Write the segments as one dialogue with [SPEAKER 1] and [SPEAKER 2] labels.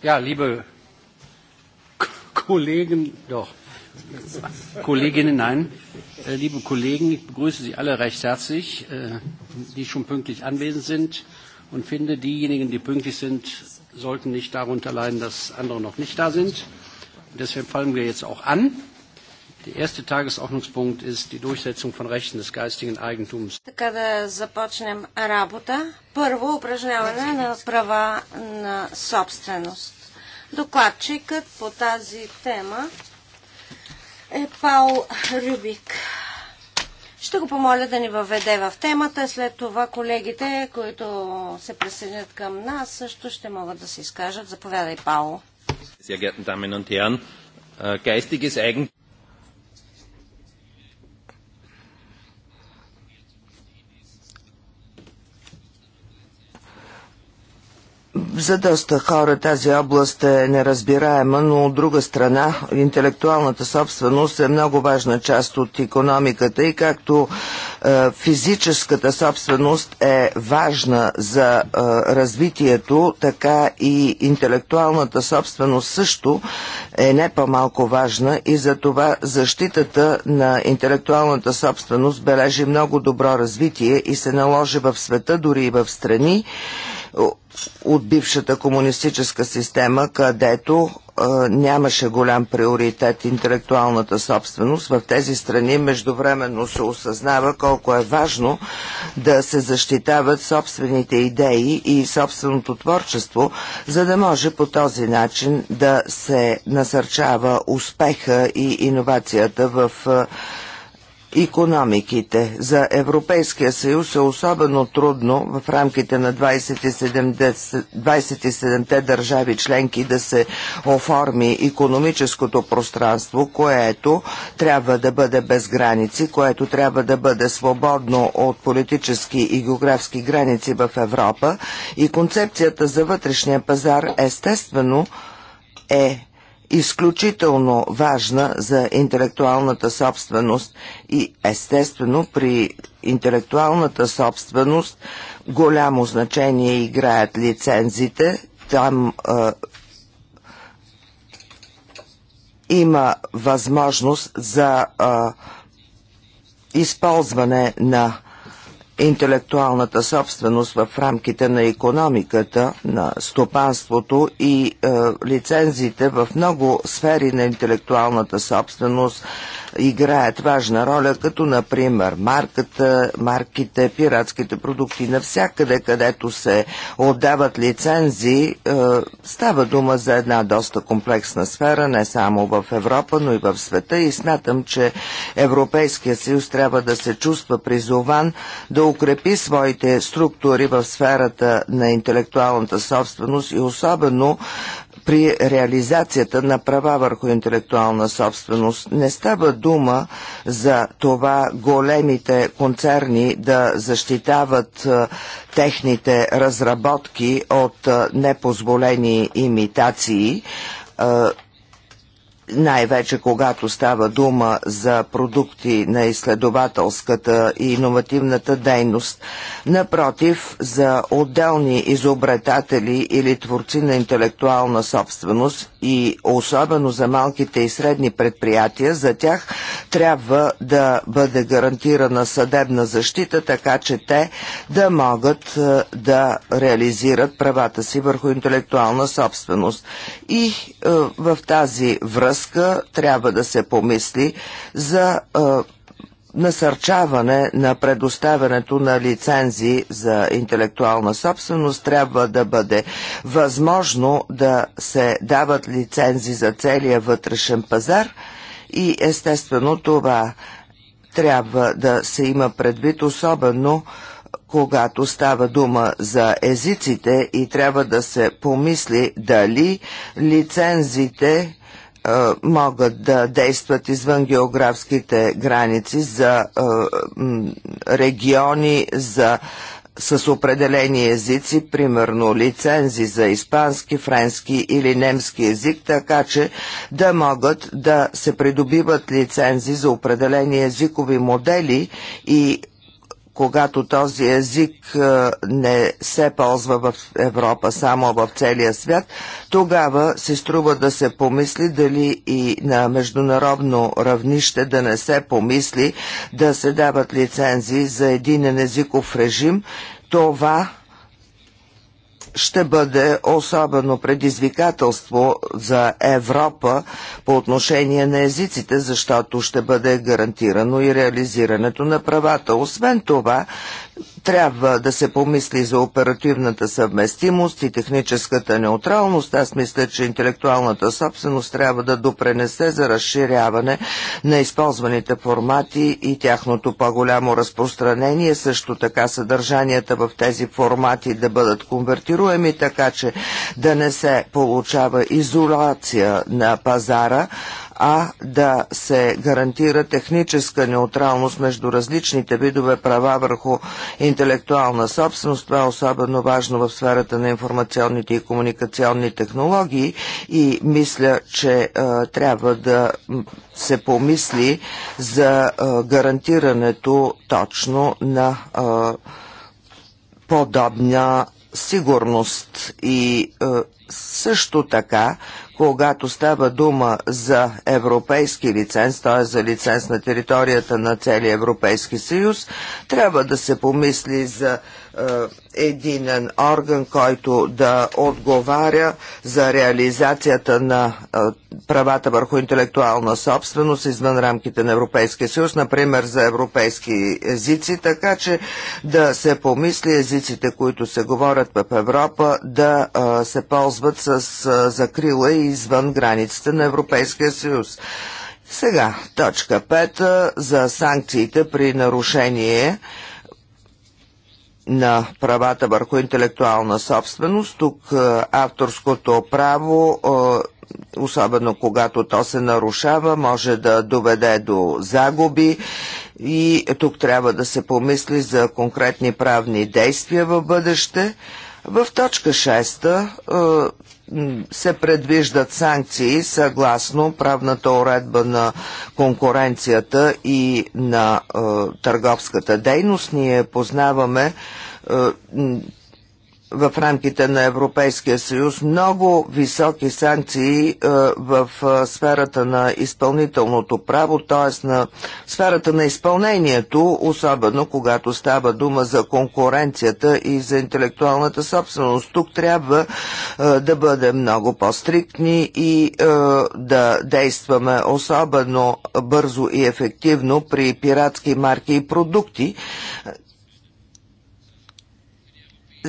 [SPEAKER 1] Ja, liebe Kollegen, doch, Kolleginnen, nein, liebe Kollegen, ich begrüße Sie alle recht herzlich, die schon pünktlich anwesend sind und finde, diejenigen, die pünktlich sind, sollten nicht darunter leiden, dass andere noch nicht da sind. Deswegen fangen wir jetzt auch an. Der erste Tagesordnungspunkt ist die Durchsetzung von Rechten des geistigen Eigentums. Така да започнем работа. Първо упражняване на права на собственост. Докладчикът по тази тема е Паул Рюбик. Ще го помоля да ни въведе в темата. След това колегите, които се присъединят към нас, също ще могат да се изкажат. Заповядай, Пао. Sehr geehrten Damen und Herren, äh, geistiges Eigentum
[SPEAKER 2] За доста хора тази област е неразбираема, но от друга страна интелектуалната собственост е много важна част от економиката и както е, физическата собственост е важна за е, развитието, така и интелектуалната собственост също е не по-малко важна и за това защитата на интелектуалната собственост бележи много добро развитие и се наложи в света, дори и в страни, от бившата комунистическа система, където нямаше голям приоритет интелектуалната собственост. В тези страни междувременно се осъзнава колко е важно да се защитават собствените идеи и собственото творчество, за да може по този начин да се насърчава успеха и иновацията в економиките. За Европейския съюз е особено трудно в рамките на 27, 27-те държави членки да се оформи економическото пространство, което трябва да бъде без граници, което трябва да бъде свободно от политически и географски граници в Европа и концепцията за вътрешния пазар естествено е изключително важна за интелектуалната собственост и естествено при интелектуалната собственост голямо значение играят лицензите. Там а, има възможност за а, използване на интелектуалната собственост в рамките на економиката, на стопанството и е, лицензите в много сфери на интелектуалната собственост, играят важна роля, като например марката, марките, пиратските продукти. Навсякъде, където се отдават лицензи, е, става дума за една доста комплексна сфера, не само в Европа, но и в света и смятам, че Европейския съюз трябва да се чувства призован да укрепи своите структури в сферата на интелектуалната собственост и особено при реализацията на права върху интелектуална собственост. Не става дума за това големите концерни да защитават е, техните разработки от е, непозволени имитации, е, най-вече когато става дума за продукти на изследователската и иновативната дейност. Напротив, за отделни изобретатели или творци на интелектуална собственост и особено за малките и средни предприятия, за тях трябва да бъде гарантирана съдебна защита, така че те да могат е, да реализират правата си върху интелектуална собственост. И е, в тази връзка връзка трябва да се помисли за насърчаване на предоставянето на лицензии за интелектуална собственост трябва да бъде възможно да се дават лицензи за целия вътрешен пазар и естествено това трябва да се има предвид, особено когато става дума за езиците и трябва да се помисли дали лицензите могат да действат извън географските граници за региони, за с определени езици, примерно лицензи за испански, френски или немски език, така че да могат да се придобиват лицензи за определени езикови модели и когато този език е, не се ползва в Европа, само в целия свят, тогава се струва да се помисли дали и на международно равнище да не се помисли да се дават лицензии за един езиков режим. Това ще бъде особено предизвикателство за Европа по отношение на езиците, защото ще бъде гарантирано и реализирането на правата. Освен това, трябва да се помисли за оперативната съвместимост и техническата неутралност. Аз мисля, че интелектуалната собственост трябва да допренесе за разширяване на използваните формати и тяхното по-голямо разпространение. Също така съдържанията в тези формати да бъдат конвертируеми, така че да не се получава изолация на пазара, а да се гарантира техническа неутралност между различните видове права върху интелектуална собственост. Това е особено важно в сферата на информационните и комуникационни технологии и мисля, че е, трябва да се помисли за е, гарантирането точно на е, подобна сигурност и е, също така когато става дума за европейски лиценз, т.е. за лиценз на територията на целия Европейски съюз, трябва да се помисли за е, единен орган, който да отговаря за реализацията на е, правата върху интелектуална собственост извън рамките на Европейския съюз, например за европейски езици, така че да се помисли езиците, които се говорят в Европа, да е, се ползват с закрила и извън границите на Европейския съюз. Сега, точка 5 за санкциите при нарушение на правата върху интелектуална собственост. Тук е, авторското право, е, особено когато то се нарушава, може да доведе до загуби и тук трябва да се помисли за конкретни правни действия в бъдеще. В точка 6 се предвиждат санкции съгласно правната уредба на конкуренцията и на е, търговската дейност. Ние познаваме е, в рамките на Европейския съюз много високи санкции е, в е, сферата на изпълнителното право, т.е. на сферата на изпълнението, особено когато става дума за конкуренцията и за интелектуалната собственост. Тук трябва е, да бъдем много по-стриктни и да действаме особено бързо и ефективно при пиратски марки и продукти,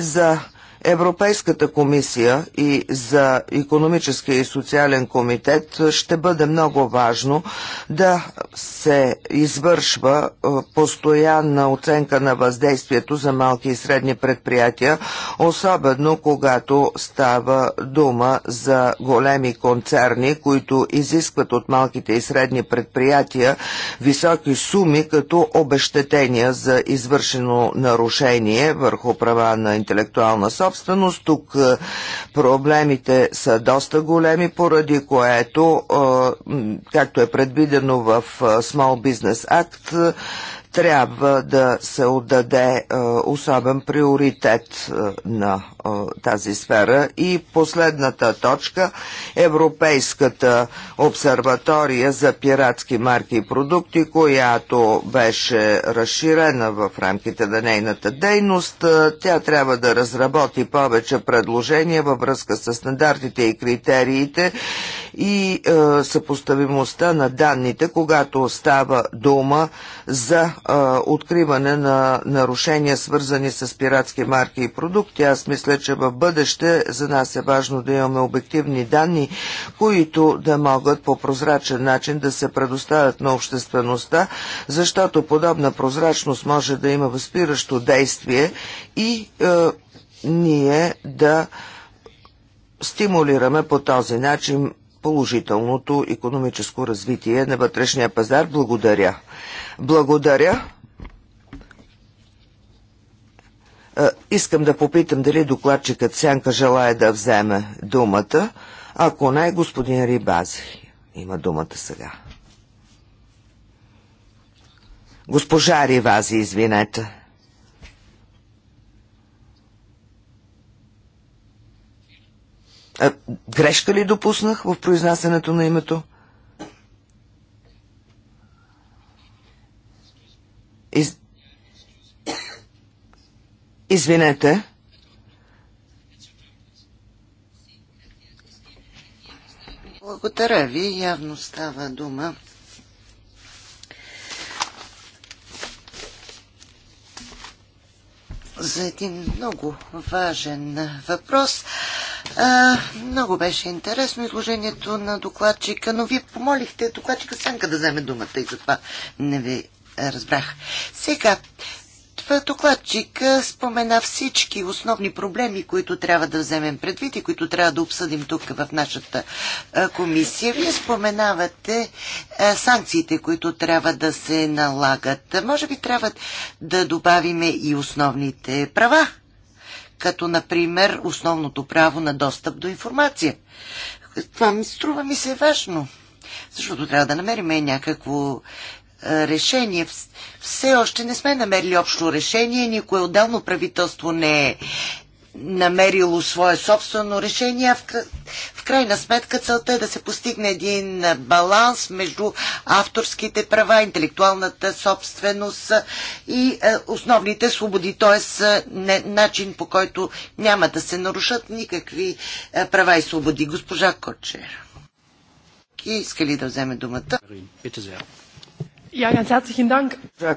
[SPEAKER 2] за Европейската комисия и за економическия и социален комитет ще бъде много важно да се извършва е, постоянна оценка на въздействието за малки и средни предприятия, особено когато става дума за големи концерни, които изискват от малките и средни предприятия високи суми като обещетения за извършено нарушение върху права на интелектуална собственост собственост. Тук е, проблемите са доста големи, поради което, е, както е предвидено в е, Small Business Act, трябва да се отдаде е, особен приоритет е, на е, тази сфера. И последната точка Европейската обсерватория за пиратски марки и продукти, която беше разширена в рамките на нейната дейност. Е, тя трябва да разработи повече предложения във връзка с стандартите и критериите и е, съпоставимостта на данните, когато става дума за е, откриване на нарушения, свързани с пиратски марки и продукти. Аз мисля, че в бъдеще за нас е важно да имаме обективни данни, които да могат по прозрачен начин да се предоставят на обществеността, защото подобна прозрачност може да има възпиращо действие и е, ние да стимулираме по този начин положителното економическо развитие на вътрешния пазар. Благодаря. Благодаря. Е, искам да попитам дали докладчикът Сянка желая да вземе думата. Ако не, господин Рибази има думата сега. Госпожа Ривази, извинете. А, грешка ли допуснах в произнасянето на името? Из... Извинете.
[SPEAKER 3] Благодаря ви. Явно става дума за един много важен въпрос. А, много беше интересно изложението на докладчика, но вие помолихте докладчика Сенка да вземе думата и затова не ви разбрах. Сега, докладчик спомена всички основни проблеми, които трябва да вземем предвид и които трябва да обсъдим тук в нашата комисия. Вие споменавате санкциите, които трябва да се налагат. Може би трябва да добавиме и основните права, като например основното право на достъп до информация. Това ми струва ми се важно, защото трябва да намерим някакво решение. Все още не сме намерили общо решение, никое отделно правителство не е намерило свое собствено решение, а в, в крайна сметка целта е да се постигне един баланс между авторските права, интелектуалната собственост и е, основните свободи, т.е. начин по който няма да се нарушат никакви е, права и свободи. Госпожа Кочер. И иска ли да вземе думата?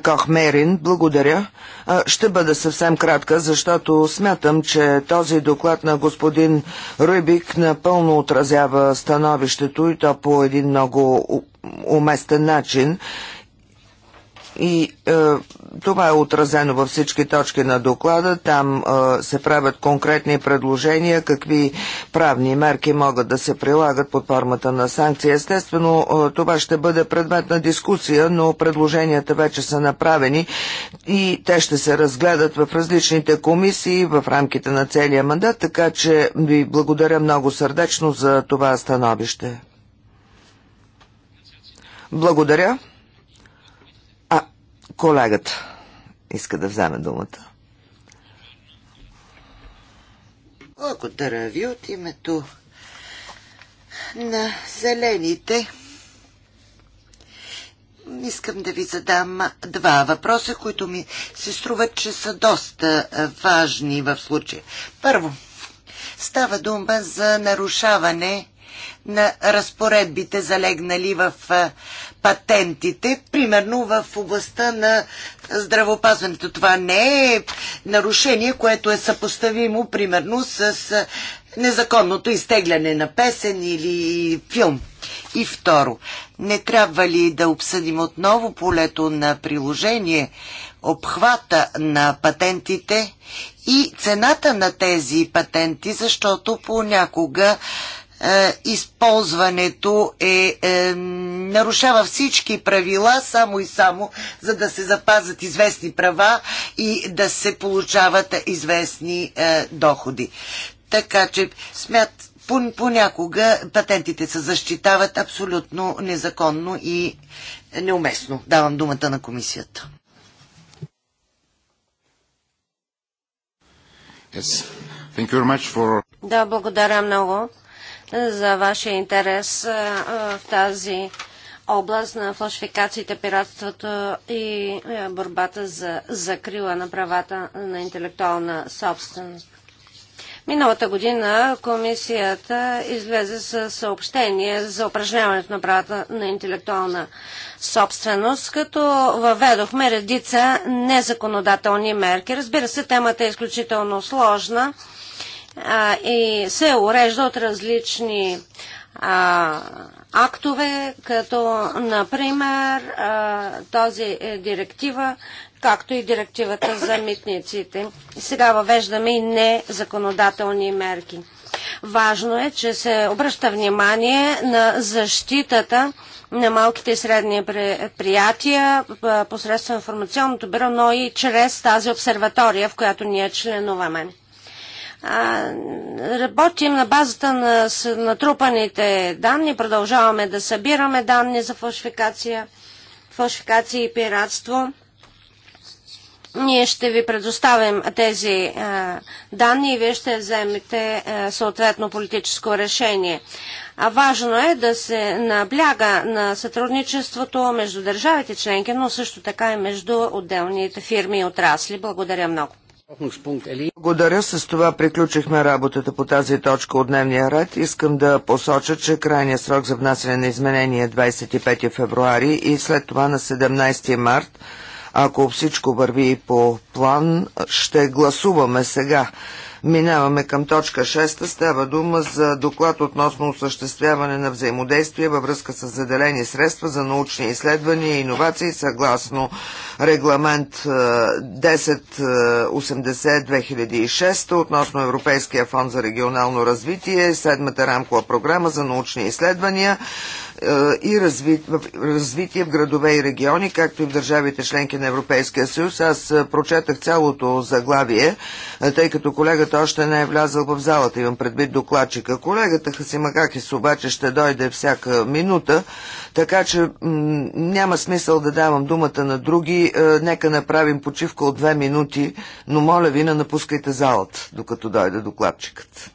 [SPEAKER 2] Кохмерин, благодаря. Ще бъда съвсем кратка, защото смятам, че този доклад на господин Рубик напълно отразява становището и то по един много уместен начин. И е, това е отразено във всички точки на доклада. Там е, се правят конкретни предложения, какви правни мерки могат да се прилагат под формата на санкции. Естествено, е, това ще бъде предмет на дискусия, но предложенията вече са направени и те ще се разгледат в различните комисии в рамките на целия мандат, така че ви благодаря много сърдечно за това становище. Благодаря. Колегата иска да вземе думата.
[SPEAKER 3] Благодаря ви от името на зелените. Искам да ви задам два въпроса, които ми се струват, че са доста важни в случая. Първо, става дума за нарушаване на разпоредбите, залегнали в патентите, примерно в областта на здравопазването. Това не е нарушение, което е съпоставимо, примерно, с незаконното изтегляне на песен или филм. И второ, не трябва ли да обсъдим отново полето на приложение, обхвата на патентите и цената на тези патенти, защото понякога е, използването е, е, нарушава всички правила само и само, за да се запазят известни права и да се получават известни е, доходи. Така че смят, понякога патентите се защитават абсолютно незаконно и неуместно. Давам думата на комисията. Yes. Thank you very much for...
[SPEAKER 1] Да, благодаря много за вашия интерес в тази област на фалшификациите, пиратството и борбата за закрила на правата на интелектуална собственост. Миналата година комисията излезе с съобщение за упражняването на правата на интелектуална собственост, като въведохме редица незаконодателни мерки. Разбира се, темата е изключително сложна а, и се урежда от различни а, актове, като например а, този е директива, както и директивата за митниците. Сега въвеждаме и незаконодателни мерки. Важно е, че се обръща внимание на защитата на малките и средни предприятия посредством информационното бюро, но и чрез тази обсерватория, в която ние членуваме работим на базата на натрупаните данни, продължаваме да събираме данни за фалшификация, фалшификация и пиратство. Ние ще ви предоставим тези а, данни и вие ще вземете а, съответно политическо решение. А важно е да се набляга на сътрудничеството между държавите членки, но също така и между отделните фирми и отрасли. Благодаря много.
[SPEAKER 2] Благодаря. С това приключихме работата по тази точка от дневния ред. Искам да посоча, че крайният срок за внасяне на изменения е 25 февруари и след това на 17 март. Ако всичко върви по план, ще гласуваме сега Минаваме към точка 6. Става дума за доклад относно осъществяване на взаимодействие във връзка с заделени средства за научни изследвания и иновации съгласно регламент 1080-2006 е, е, относно Европейския фонд за регионално развитие, седмата рамкова програма за научни изследвания. Е, и развитие в градове и региони, както и в държавите членки на Европейския съюз. Аз е, прочетах цялото заглавие, е, тъй като колегата още не е влязъл в залата, имам предвид докладчика. Колегата Хасимакахис обаче ще дойде всяка минута, така че няма смисъл да давам думата на други. Нека направим почивка от две минути, но моля ви, не напускайте залата, докато дойде докладчикът.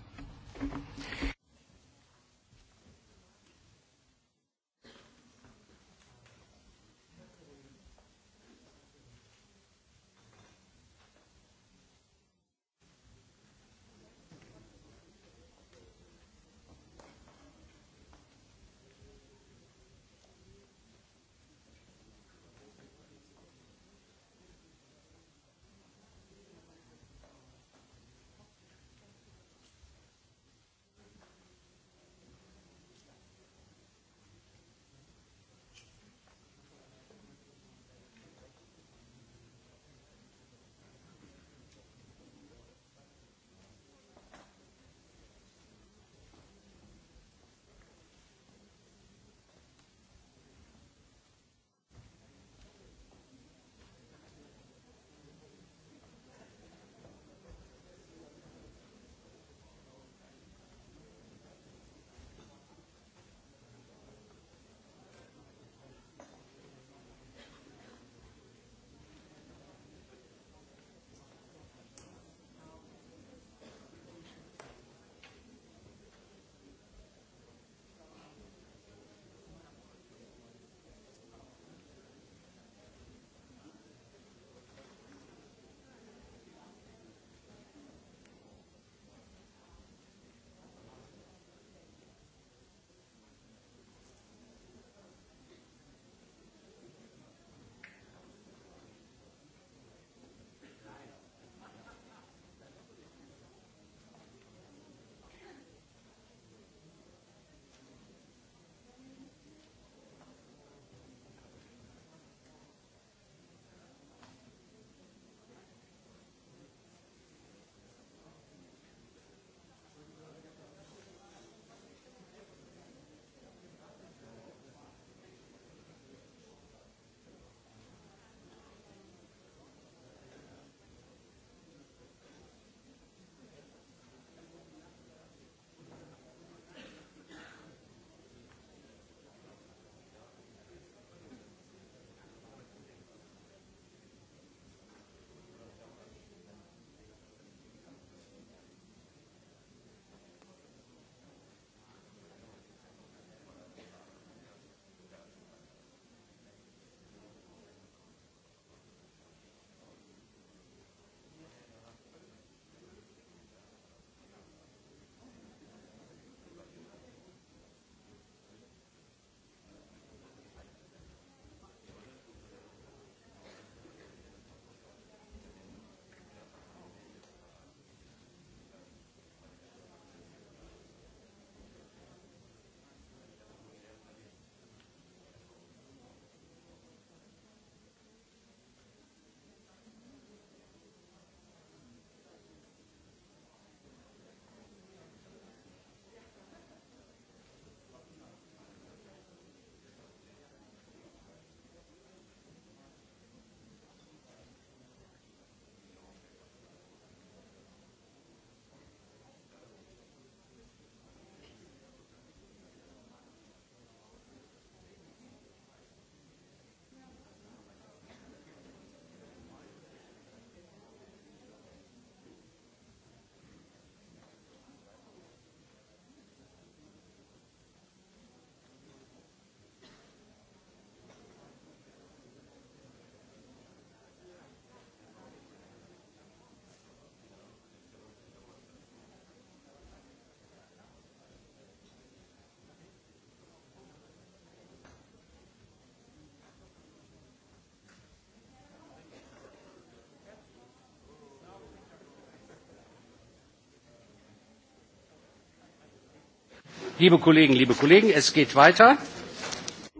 [SPEAKER 1] Liebe Kollegen, liebe Kollegen, es geht weiter.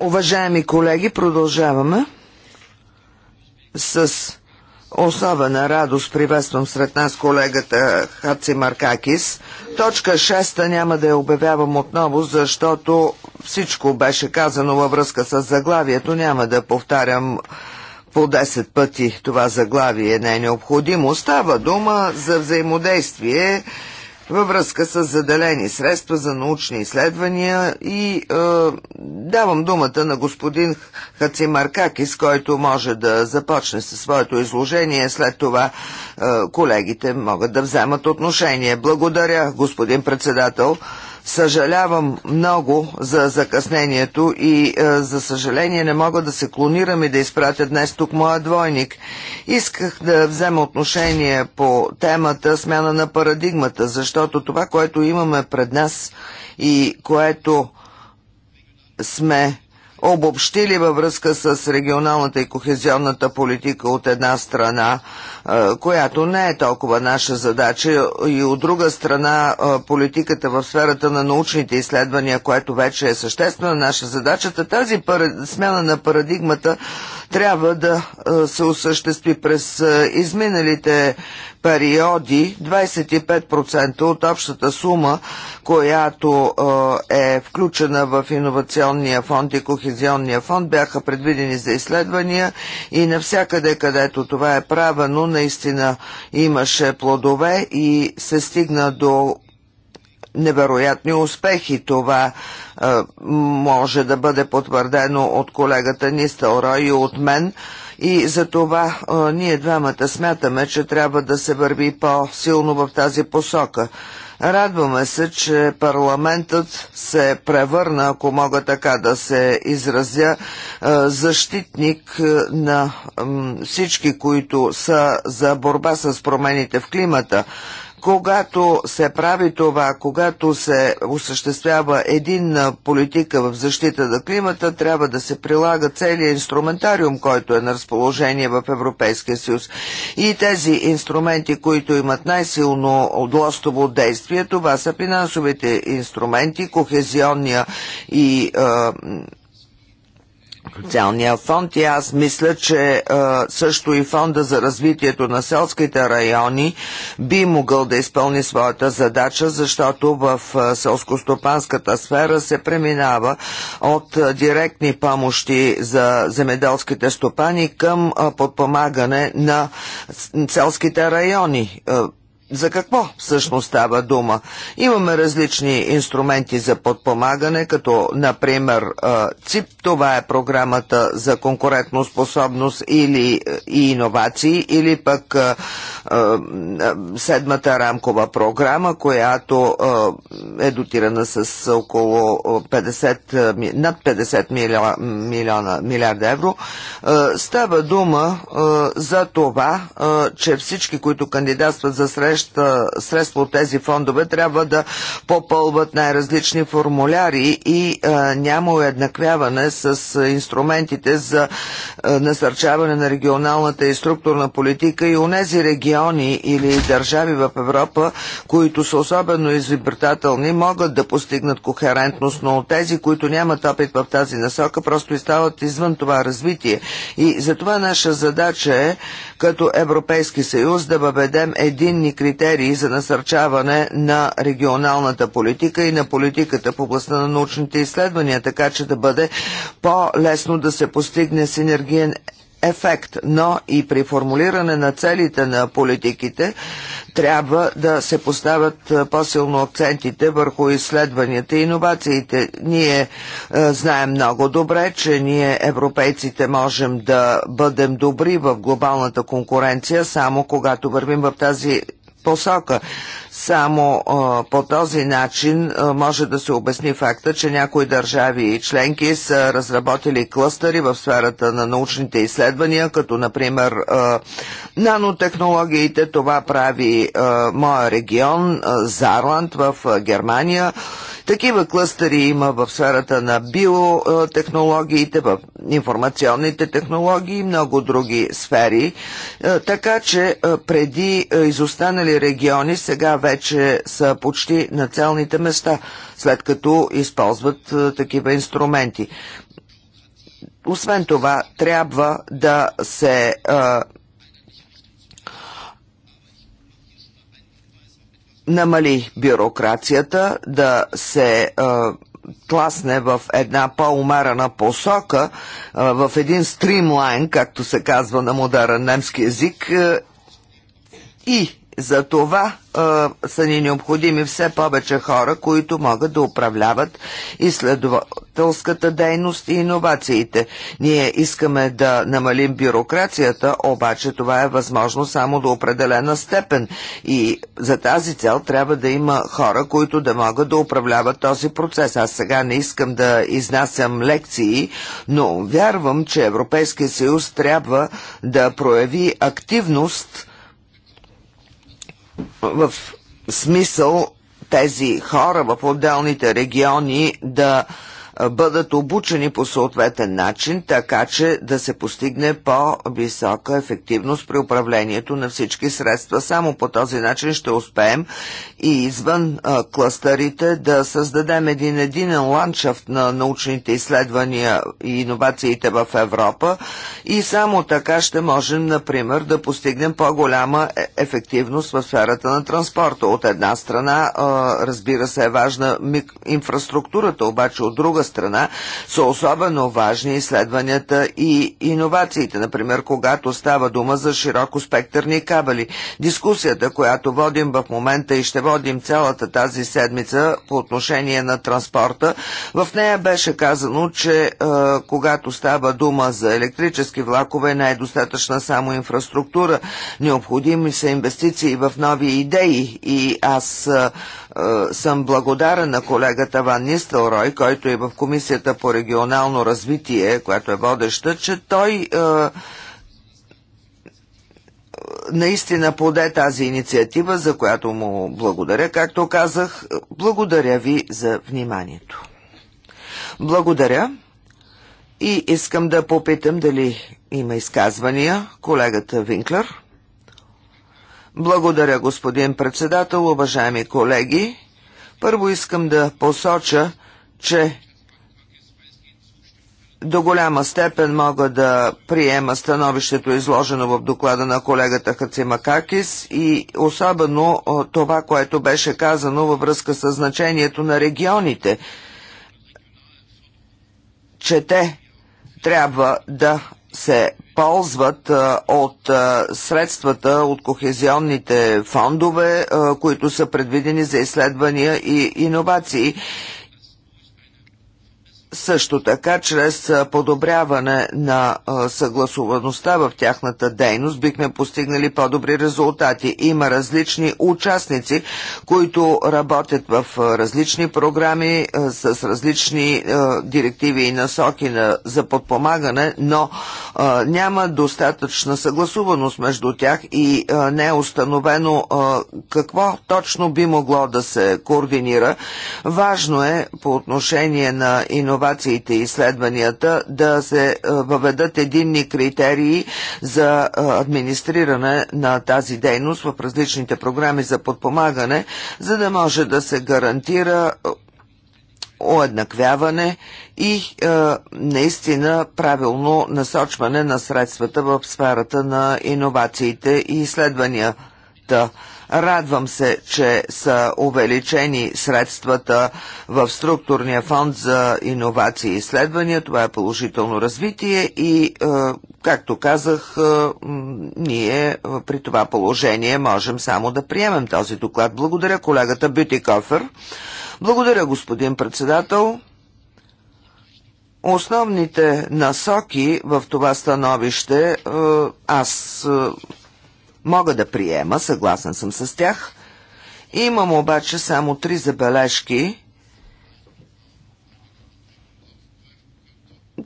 [SPEAKER 2] Уважаеми колеги, продължаваме с особена радост приветствам сред нас колегата Хаци Маркакис. Точка 6 няма да я обявявам отново, защото всичко беше казано във връзка с заглавието. Няма да повтарям по 10 пъти това заглавие не е необходимо. Става дума за взаимодействие във връзка с заделени средства за научни изследвания и е, давам думата на господин Хацимаркакис, който може да започне със своето изложение. След това е, колегите могат да вземат отношение. Благодаря, господин председател. Съжалявам много за закъснението и е, за съжаление не мога да се клонирам и да изпратя днес тук моя двойник. Исках да взема отношение по темата смяна на парадигмата, защото това, което имаме пред нас и което сме обобщили във връзка с регионалната и кохезионната политика от една страна, която не е толкова наша задача и от друга страна политиката в сферата на научните изследвания, което вече е съществена наша задачата, тази смяна на парадигмата трябва да се осъществи през изминалите периоди 25% от общата сума, която е включена в Иновационния фонд и Кохезионния фонд, бяха предвидени за изследвания и навсякъде, където това е правено, наистина имаше плодове и се стигна до невероятни успехи. Това е, може да бъде потвърдено от колегата Рой и от мен. И за това е, ние двамата смятаме, че трябва да се върви по-силно в тази посока. Радваме се, че парламентът се превърна, ако мога така да се изразя, е, защитник е, на всички, които са за борба с промените в климата. Когато се прави това, когато се осъществява един политика в защита на климата, трябва да се прилага целият инструментариум, който е на разположение в Европейския съюз. И тези инструменти, които имат най-силно длостово действие, това са финансовите инструменти, кохезионния и е, социалния фонд и аз мисля, че а, е, също и фонда за развитието на селските райони би могъл да изпълни своята задача, защото в е, селскостопанската сфера се преминава от а, е, директни помощи за земеделските стопани към а, подпомагане на селските райони. А, за какво всъщност става дума? Имаме различни инструменти за подпомагане, като например ЦИП, това е програмата за конкурентно способност или и иновации, или пък седмата рамкова програма, която е дотирана с около 50, над 50 милиона, милиона милиарда евро. Става дума за това, че всички, които кандидатстват за среща, среща средства от тези фондове, трябва да попълват най-различни формуляри и а, няма уеднаквяване с инструментите за а, насърчаване на регионалната и структурна политика и нези региони или държави в Европа, които са особено изобретателни, могат да постигнат кохерентност, но тези, които нямат опит в тази насока, просто изстават извън това развитие. И затова наша задача е, като Европейски съюз, да въведем единни критерии критерии за насърчаване на регионалната политика и на политиката в областта на научните изследвания, така че да бъде по-лесно да се постигне синергиен ефект, но и при формулиране на целите на политиките трябва да се поставят по-силно акцентите върху изследванията и иновациите. Ние е, знаем много добре, че ние европейците можем да бъдем добри в глобалната конкуренция, само когато вървим в тази посока. Само а, по този начин а, може да се обясни факта, че някои държави и членки са разработили клъстъри в сферата на научните изследвания, като например а, нанотехнологиите. Това прави моя регион Зарланд в Германия. Такива клъстери има в сферата на биотехнологиите, в информационните технологии и много други сфери. Така че преди изостанали региони сега вече са почти на целните места, след като използват е, такива инструменти. Освен това, трябва да се а, е, намали бюрокрацията, да се а, е, тласне в една по-умерена посока, а, в един стримлайн, както се казва на модерен немски язик, и за това а, са ни необходими все повече хора, които могат да управляват изследователската дейност и иновациите. Ние искаме да намалим бюрокрацията, обаче това е възможно само до определена степен и за тази цел трябва да има хора, които да могат да управляват този процес. Аз сега не искам да изнасям лекции, но вярвам, че Европейския съюз трябва да прояви активност в смисъл тези хора в отделните региони да бъдат обучени по съответен начин, така че да се постигне по-висока ефективност при управлението на всички средства. Само по този начин ще успеем и извън а, кластърите да създадем един единен ландшафт на научните изследвания и иновациите в Европа и само така ще можем, например, да постигнем по-голяма е, ефективност в сферата на транспорта. От една страна, а, разбира се, е важна инфраструктурата, обаче от друга страна са особено важни изследванията и иновациите, например, когато става дума за широко спектърни кабели. Дискусията, която водим в момента и ще водим цялата тази седмица по отношение на транспорта, в нея беше казано, че е, когато става дума за електрически влакове, не е достатъчна само инфраструктура. Необходими са инвестиции в нови идеи и аз е, е, съм благодарен на колегата Ван Нистелрой, който е в Комисията по регионално развитие, която е водеща, че той е, наистина поде тази инициатива, за която му благодаря. Както казах, благодаря ви за вниманието. Благодаря и искам да попитам дали има изказвания. Колегата Винклер. Благодаря, господин председател, уважаеми колеги. Първо искам да посоча, че до голяма степен мога да приема становището изложено в доклада на колегата Хацимакакис и особено това, което беше казано във връзка с значението на регионите, че те трябва да се ползват от средствата от кохезионните фондове, които са предвидени за изследвания и иновации също така, чрез подобряване на съгласуваността в тяхната дейност, бихме постигнали по-добри резултати. Има различни участници, които работят в различни програми с различни директиви и насоки за подпомагане, но няма достатъчна съгласуваност между тях и не е установено какво точно би могло да се координира. Важно е по отношение на иновациите иновациите и изследванията да се въведат единни критерии за администриране на тази дейност в различните програми за подпомагане, за да може да се гарантира уеднаквяване и е, наистина правилно насочване на средствата в сферата на иновациите и изследвания бюджета. Радвам се, че са увеличени средствата в структурния фонд за иновации и изследвания. Това е положително развитие и, е, както казах, е, ние е, при това положение можем само да приемем този доклад. Благодаря колегата Бютикофер. Благодаря, господин председател. Основните насоки в това становище аз мога да приема, съгласен съм с тях. Имам обаче само три забележки,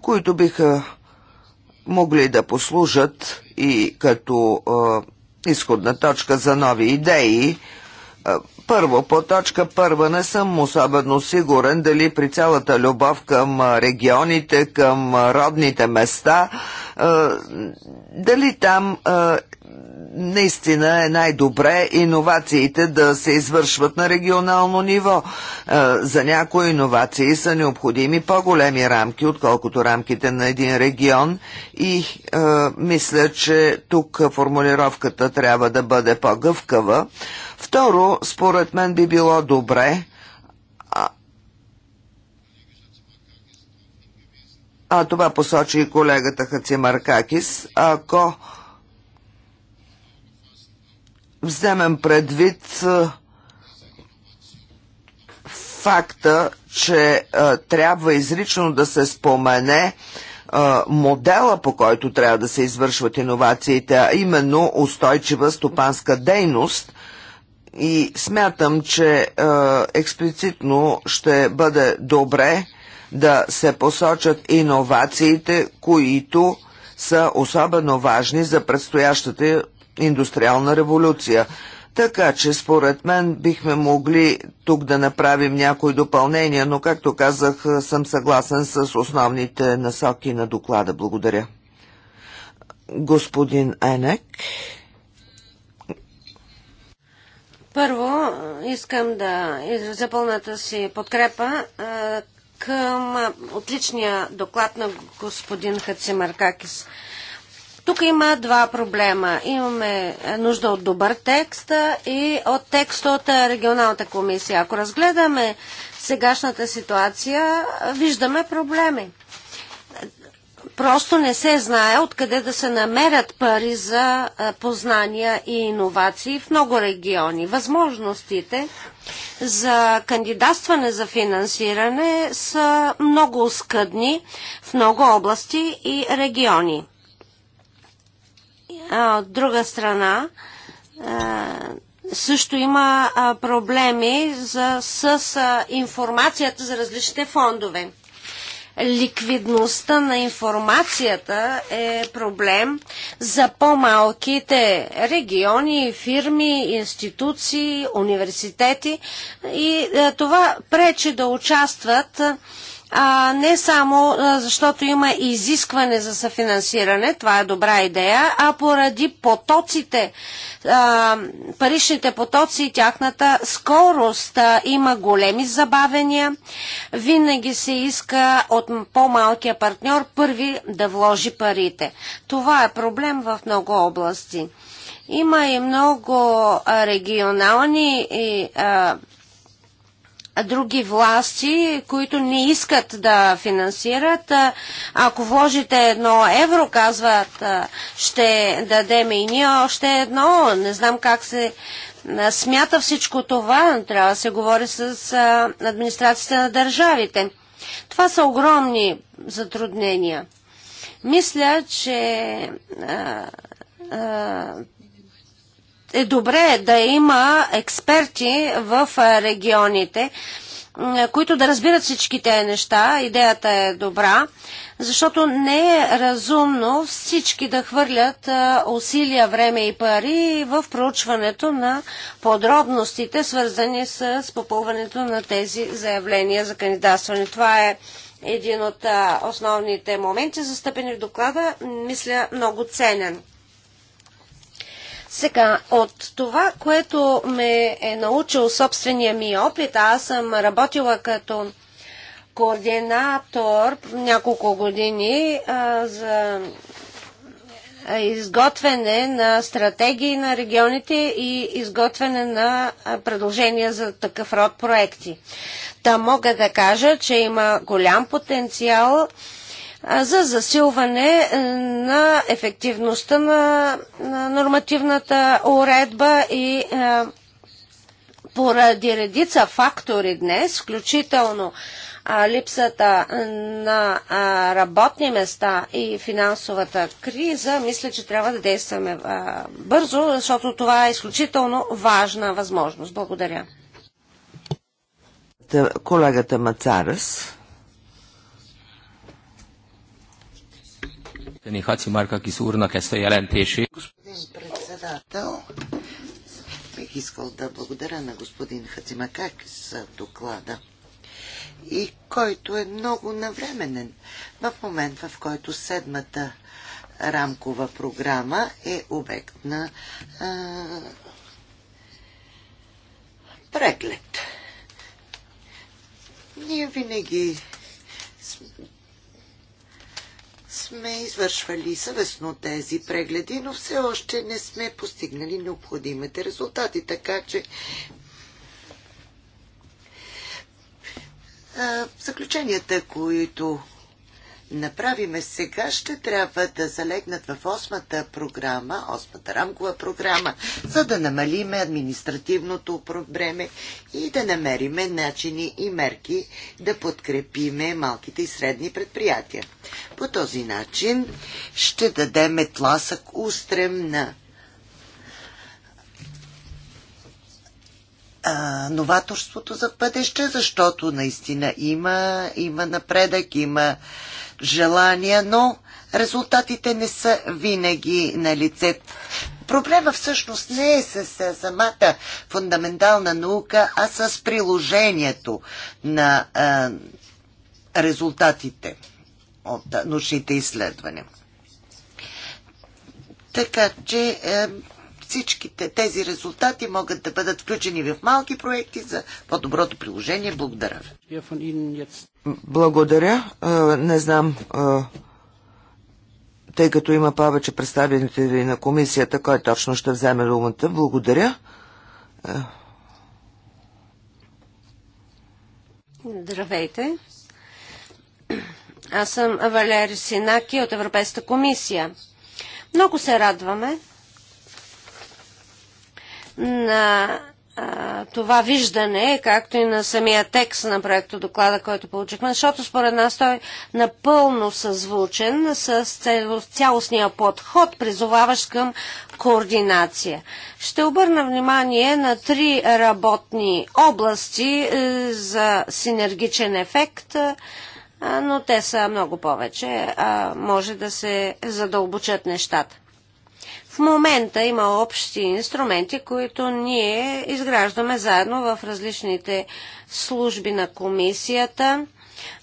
[SPEAKER 2] които биха могли да послужат и като е, изходна точка за нови идеи. Първо, по точка първа не съм особено сигурен дали при цялата любов към регионите, към родните места, дали там наистина е най-добре иновациите да се извършват на регионално ниво. Е, за някои иновации са необходими по-големи рамки, отколкото рамките на един регион и е, мисля, че тук формулировката трябва да бъде по-гъвкава. Второ, според мен би било добре а това посочи и колегата Хацимаркакис, ако вземем предвид е, факта, че а, е, трябва изрично да се спомене а, е, модела, по който трябва да се извършват иновациите, а именно устойчива стопанска дейност. И смятам, че а, експлицитно ще бъде добре да се посочат иновациите, които са особено важни за предстоящата индустриална революция. Така че според мен бихме могли тук да направим някои допълнения, но както казах, съм съгласен с основните насоки на доклада. Благодаря. Господин Енек.
[SPEAKER 1] Първо, искам да изразя пълната си подкрепа към отличния доклад на господин Хацимаркакис. Тук има два проблема. Имаме нужда от добър текст и от текст от регионалната комисия. Ако разгледаме сегашната ситуация, виждаме проблеми. Просто не се знае откъде да се намерят пари за познания и иновации в много региони. Възможностите за кандидатстване за финансиране са много скъдни в много области и региони а, от друга страна а, също има а, проблеми за, с а, информацията за различните фондове. Ликвидността на информацията е проблем за по-малките региони, фирми, институции, университети и а, това пречи да участват а, а, не само а, защото има изискване за съфинансиране, това е добра идея, а поради потоците, а, паричните потоци и тяхната скорост. А, има големи забавения. Винаги се иска от по-малкия партньор първи да вложи парите. Това е проблем в много области. Има и много регионални и, а, други власти, които не искат да финансират. Ако вложите едно евро, казват, ще дадем и ние още едно. Не знам как се смята всичко това. Трябва да се говори с администрацията на държавите. Това са огромни затруднения. Мисля, че е добре да има експерти в регионите, които да разбират всички тези неща. Идеята е добра, защото не е разумно всички да хвърлят усилия, време и пари в проучването на подробностите, свързани с попълването на тези заявления за кандидатстване. Това е един от основните моменти, застъпени в доклада, мисля много ценен. Сега, от това, което ме е научил собствения ми опит, аз съм работила като координатор няколко години а, за изготвяне на стратегии на регионите и изготвяне на предложения за такъв род проекти. Та мога да кажа, че има голям потенциал за засилване е, на ефективността на нормативната уредба и е, поради редица фактори днес, включително липсата на работни места и финансовата криза, мисля, че трябва да действаме бързо, защото това е изключително важна възможност. Благодаря.
[SPEAKER 2] Колегата Мацарас. Господин председател,
[SPEAKER 3] бих искал да благодаря на господин Хацимакакис за доклада и който е много навременен в момент, в който седмата рамкова програма е обект на а, преглед. Ние винаги сме извършвали съвестно тези прегледи, но все още не сме постигнали необходимите резултати, така че заключенията, които направиме сега, ще трябва да залегнат в осмата програма, осмата рамкова програма, за да намалиме административното бреме и да намериме начини и мерки да подкрепиме малките и средни предприятия. По този начин ще дадеме тласък устрем на новаторството за бъдеще, защото наистина има, има напредък, има желания, но резултатите не са винаги на лице. Проблема всъщност не е с самата фундаментална наука, а с приложението на а, резултатите от научните изследвания. Така че е, всичките тези резултати могат да бъдат включени в малки проекти за по-доброто приложение. Благодаря
[SPEAKER 1] ви.
[SPEAKER 2] Благодаря. Не знам, тъй като има повече представители на комисията, кой точно ще вземе думата. Благодаря.
[SPEAKER 1] Здравейте. Аз съм Валери Синаки от Европейската комисия. Много се радваме на това виждане, както и на самия текст на проекта доклада, който получихме, защото според нас той напълно съзвучен с цялостния подход, призоваващ към координация. Ще обърна внимание на три работни области е, за синергичен ефект, е, но те са много повече. Може да се задълбочат нещата. В момента има общи инструменти, които ние изграждаме заедно в различните служби на комисията.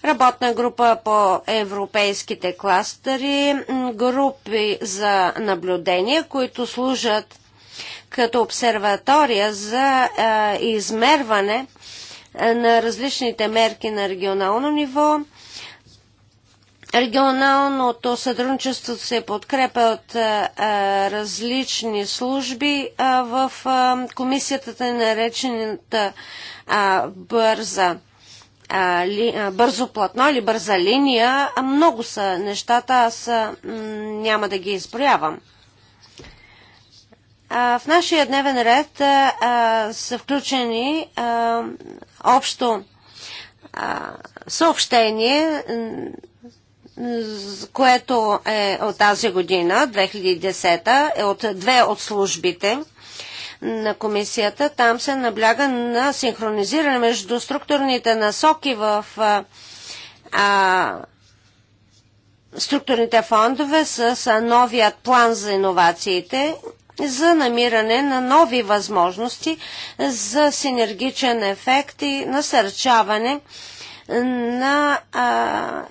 [SPEAKER 1] Работна група по европейските кластери, групи за наблюдение, които служат като обсерватория за измерване на различните мерки на регионално ниво, Регионалното сътрудничество се подкрепя от различни служби в комисията, наречената бърза бързо платно или бърза линия. Много са нещата, аз няма да ги изброявам. В нашия дневен ред са включени общо съобщение което е от тази година, 2010, е от две от службите на комисията. Там се набляга на синхронизиране между структурните насоки в а, структурните фондове с новият план за иновациите за намиране на нови възможности за синергичен ефект и насърчаване на а,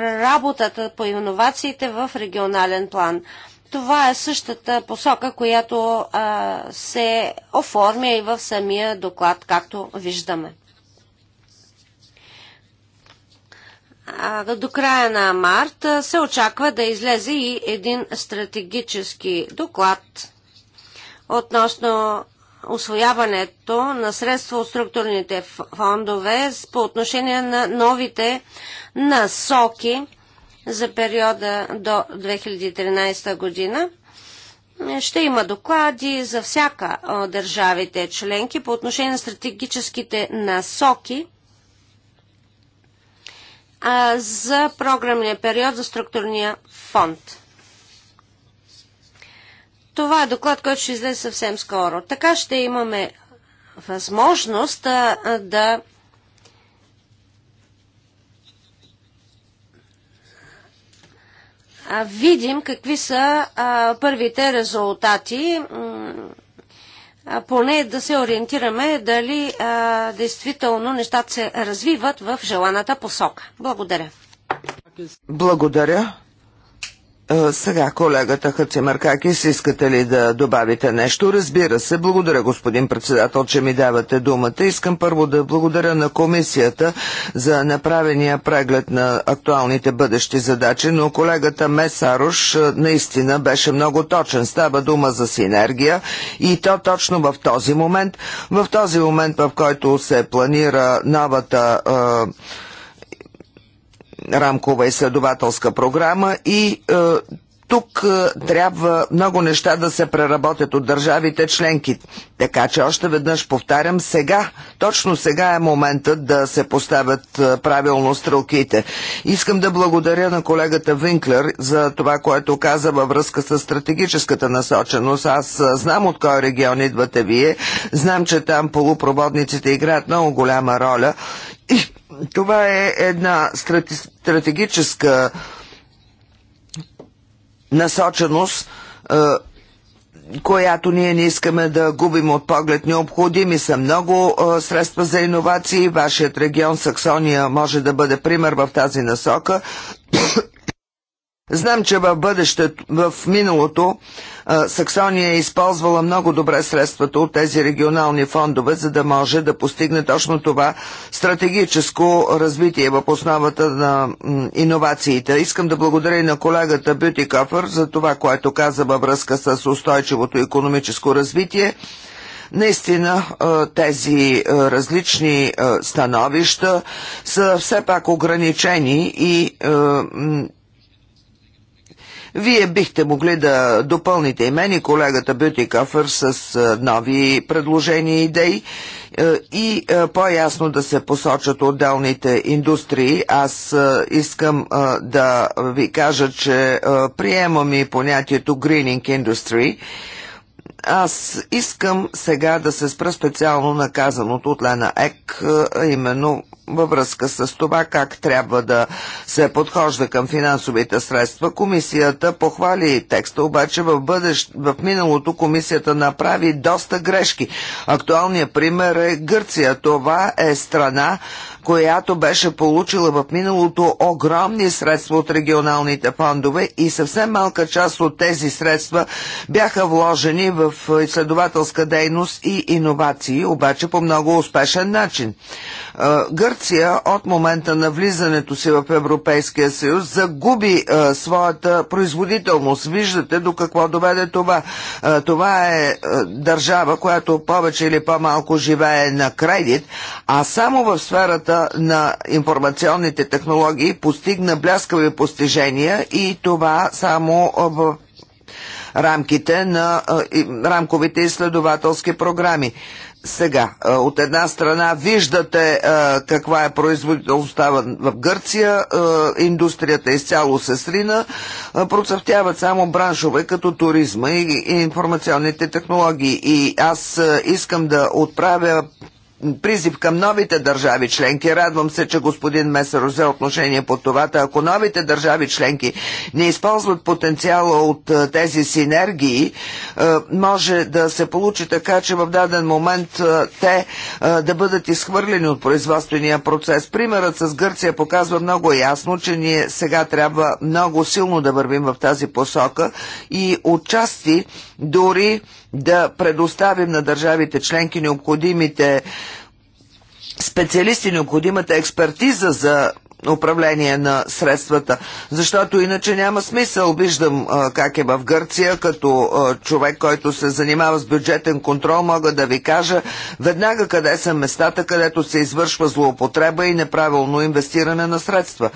[SPEAKER 1] работата по иновациите в регионален план. Това е същата посока, която а, се оформя и в самия доклад, както виждаме. до края на март се очаква да излезе и един стратегически доклад относно освояването на средства от структурните фондове по отношение на новите насоки за периода до 2013 година. Ще има доклади за всяка от държавите членки по отношение на стратегическите насоки за програмния период за структурния фонд. Това е доклад, който ще излезе съвсем скоро. Така ще имаме възможност да, да видим какви са а, първите резултати, поне да се ориентираме дали а, действително нещата се развиват в желаната посока. Благодаря.
[SPEAKER 2] Благодаря. Е, сега колегата Хацимаркакис, искате ли да добавите нещо? Разбира се, благодаря господин председател, че ми давате думата. Искам първо да благодаря на комисията за направения преглед на актуалните бъдещи задачи, но колегата Месарош е, наистина беше много точен. Става дума за синергия и то точно в този момент, в този момент, в който се планира новата е, рамкова изследователска програма и е, тук е, трябва много неща да се преработят от държавите членки. Така че още веднъж повтарям, сега, точно сега е моментът да се поставят е, правилно стрелките. Искам да благодаря на колегата Винклер за това, което каза във връзка с стратегическата насоченост. Аз е, знам от кой регион идвате вие, знам, че там полупроводниците играят много голяма роля това е една стратегическа насоченост, която ние не искаме да губим от поглед. Необходими са много средства за иновации. Вашият регион Саксония може да бъде пример в тази насока. Знам, че в бъдещето, в миналото, Саксония е използвала много добре средствата от тези регионални фондове, за да може да постигне точно това стратегическо развитие в основата на иновациите. Искам да благодаря и на колегата Бюти Кафър за това, което каза във връзка с устойчивото економическо развитие. Наистина тези различни становища са все пак ограничени и вие бихте могли да допълните и мен и колегата Бюти Кафър с нови предложения и идеи и по-ясно да се посочат отделните индустрии. Аз искам да ви кажа, че приемам и понятието Greening Industry – аз искам сега да се спра специално на казаното от Лена Ек, именно във връзка с това как трябва да се подхожда към финансовите средства. Комисията похвали текста, обаче в, бъдещ, в миналото комисията направи доста грешки. Актуалният пример е Гърция. Това е страна, която беше получила в миналото огромни средства от регионалните фондове и съвсем малка част от тези средства бяха вложени в изследователска дейност и иновации, обаче по много успешен начин. Гърция от момента на влизането си в Европейския съюз загуби своята производителност. Виждате до какво доведе това. Това е държава, която повече или по-малко живее на кредит, а само в сферата на информационните технологии постигна бляскави постижения и това само в рамките на рамковите изследователски програми. Сега, от една страна виждате каква е производителността в Гърция, индустрията изцяло се срина, процъфтяват само браншове като туризма и информационните технологии. И аз искам да отправя призив към новите държави членки. Радвам се, че господин Месер взе отношение по това. Ако новите държави членки не използват потенциала от е, тези синергии, е, може да се получи така, че в даден момент е, те да бъдат изхвърлени от производствения процес. Примерът с Гърция показва много ясно, че ние сега трябва много силно да вървим в тази посока и отчасти дори да предоставим на държавите членки необходимите специалисти, необходимата експертиза за управление на средствата, защото иначе няма смисъл. Виждам а, как е в Гърция, като а, човек, който се занимава с бюджетен контрол, мога да ви кажа веднага къде са местата, където се извършва злоупотреба и неправилно инвестиране на средства.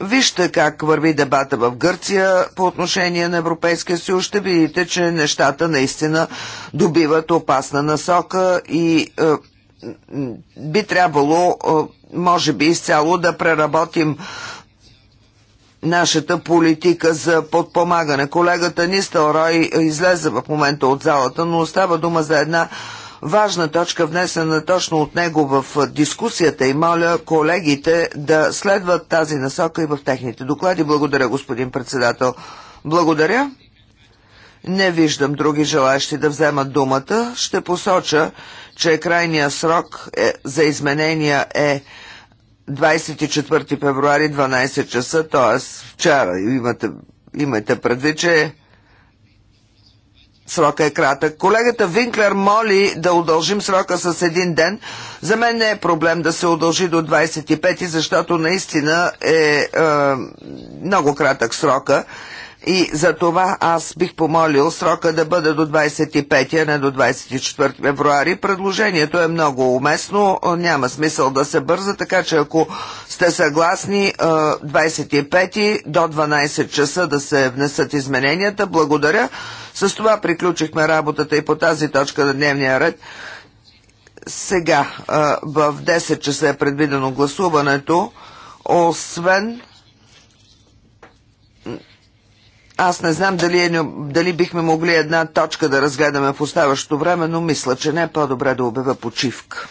[SPEAKER 2] Вижте как върви дебата в Гърция по отношение на Европейския съюз. Ще видите, че нещата наистина добиват опасна насока и е, би трябвало, е, може би, изцяло да преработим нашата политика за подпомагане. Колегата Нистел Рой излезе в момента от залата, но остава дума за една важна точка, внесена точно от него в дискусията и моля колегите да следват тази насока и в техните доклади. Благодаря, господин председател. Благодаря. Не виждам други желащи да вземат думата. Ще посоча, че крайният срок е, за изменения е 24 февруари 12 часа, т.е. вчера имате, имате предвид, че срока е кратък. Колегата Винклер моли да удължим срока с един ден. За мен не е проблем да се удължи до 25, защото наистина е, е много кратък срока. И за това аз бих помолил срока да бъде до 25, а не до 24 февруари. Предложението е много уместно, няма смисъл да се бърза, така че ако сте съгласни 25 до 12 часа да се внесат измененията, благодаря. С това приключихме работата и по тази точка на дневния ред. Сега в 10 часа е предвидено гласуването, освен аз не знам дали, е дали бихме могли една точка да разгледаме в оставащото време, но мисля, че не е по-добре да обява почивка.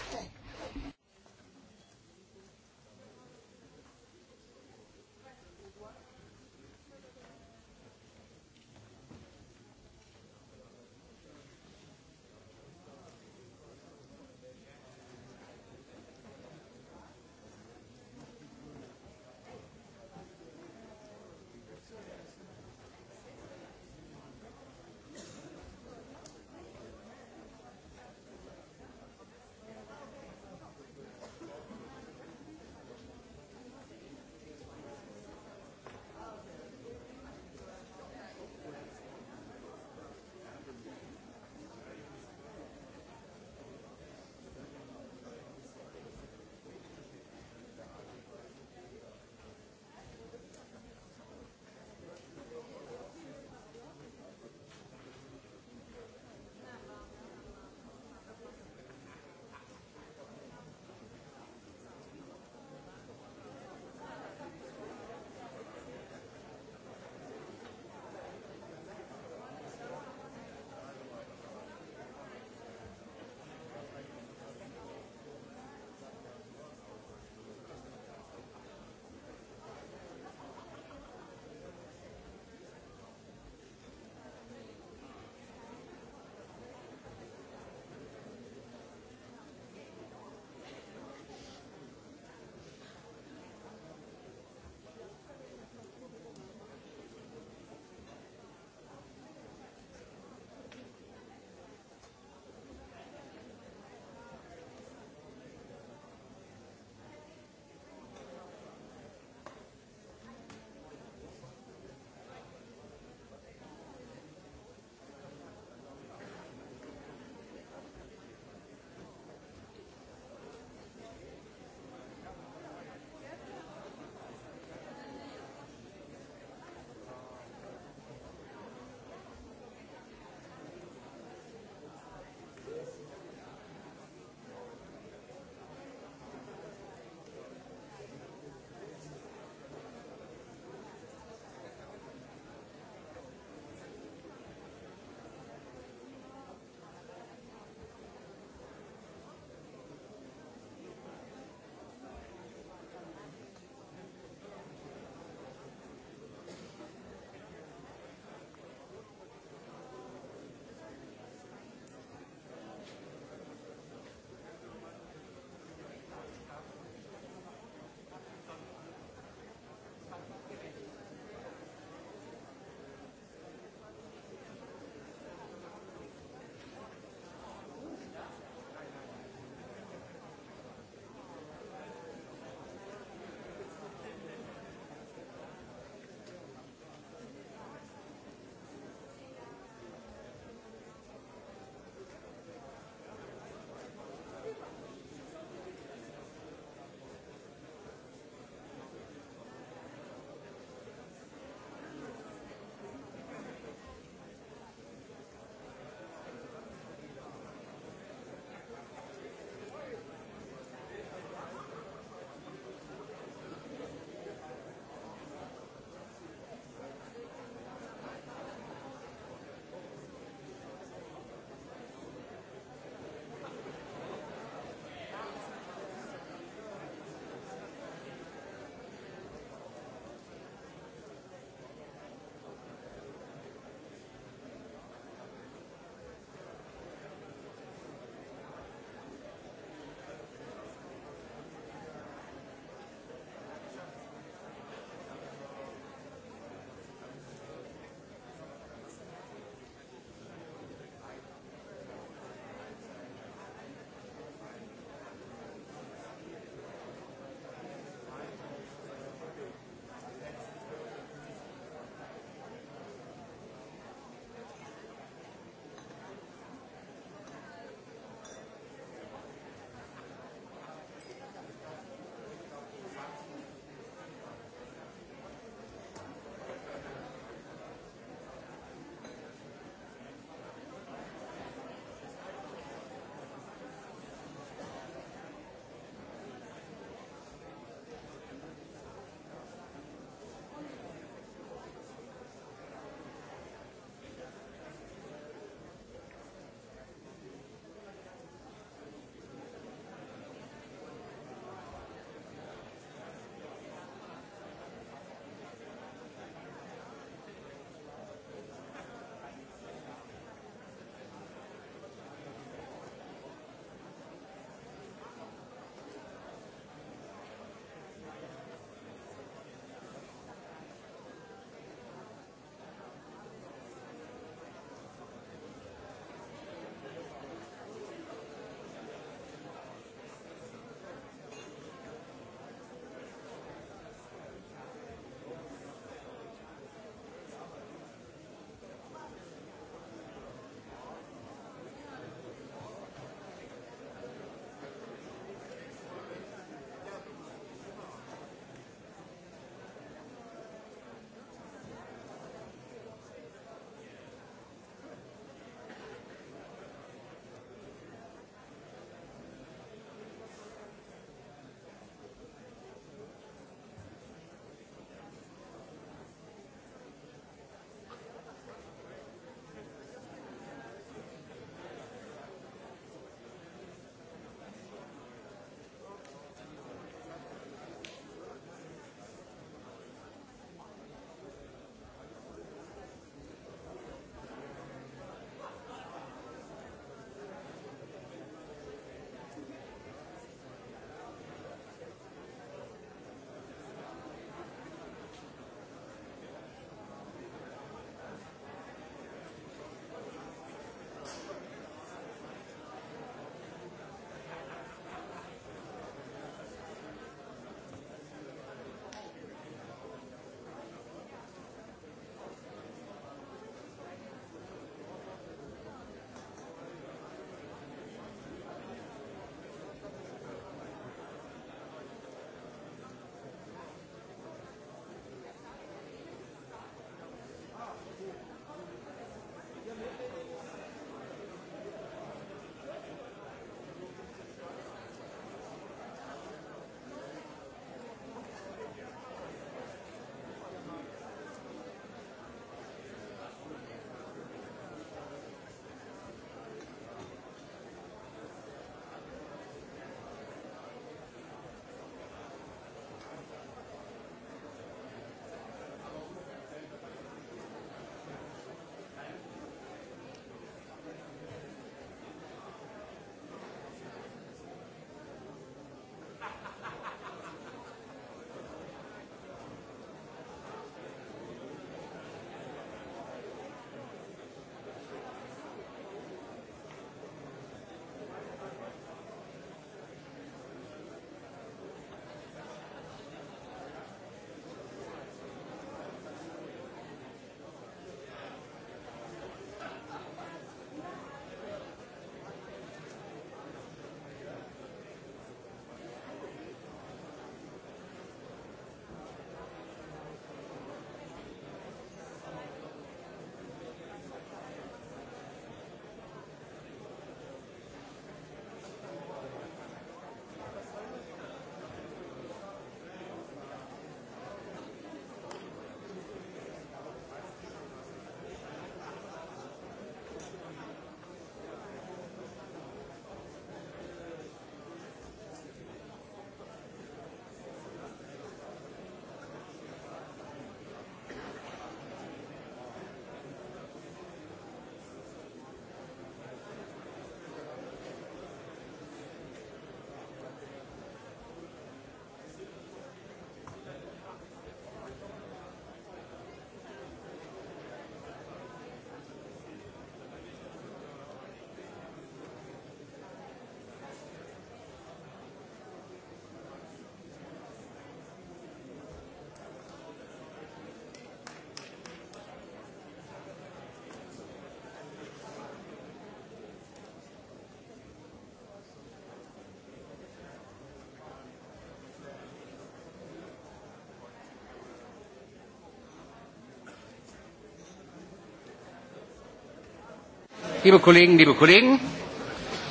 [SPEAKER 1] Liebe Kolleginnen, liebe Kollegen,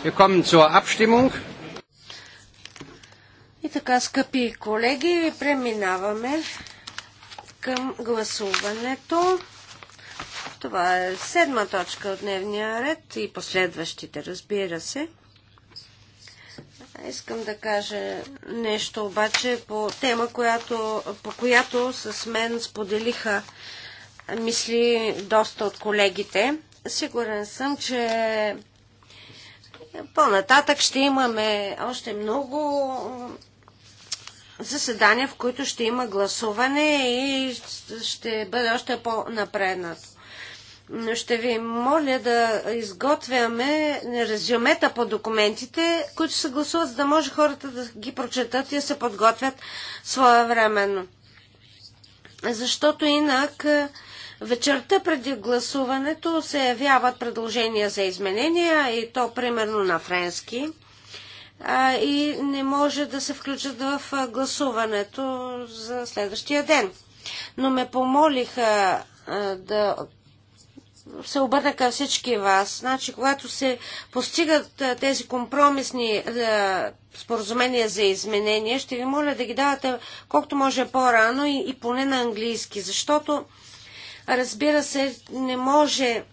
[SPEAKER 1] wir kommen zur Abstimmung. И така, скъпи колеги, преминаваме към гласуването. Това е седма точка от дневния ред и последващите, разбира се. Искам да кажа нещо обаче по тема, която, по която с мен споделиха мисли доста от колегите. Сигурен съм, че по-нататък ще имаме още много заседания, в които ще има гласуване и ще бъде още по-напреднато. Но ще ви моля да изготвяме резюмета по документите, които се гласуват, за да може хората да ги прочетат и да се подготвят своевременно. Защото инак Вечерта преди гласуването се явяват предложения за изменения и то примерно на френски и не може да се включат в гласуването за следващия ден. Но ме помолиха да се обърна към всички вас. Значи, когато се постигат тези компромисни споразумения за изменения, ще ви моля да ги давате колкото може по-рано и, и поне на английски, защото Разбира се, не може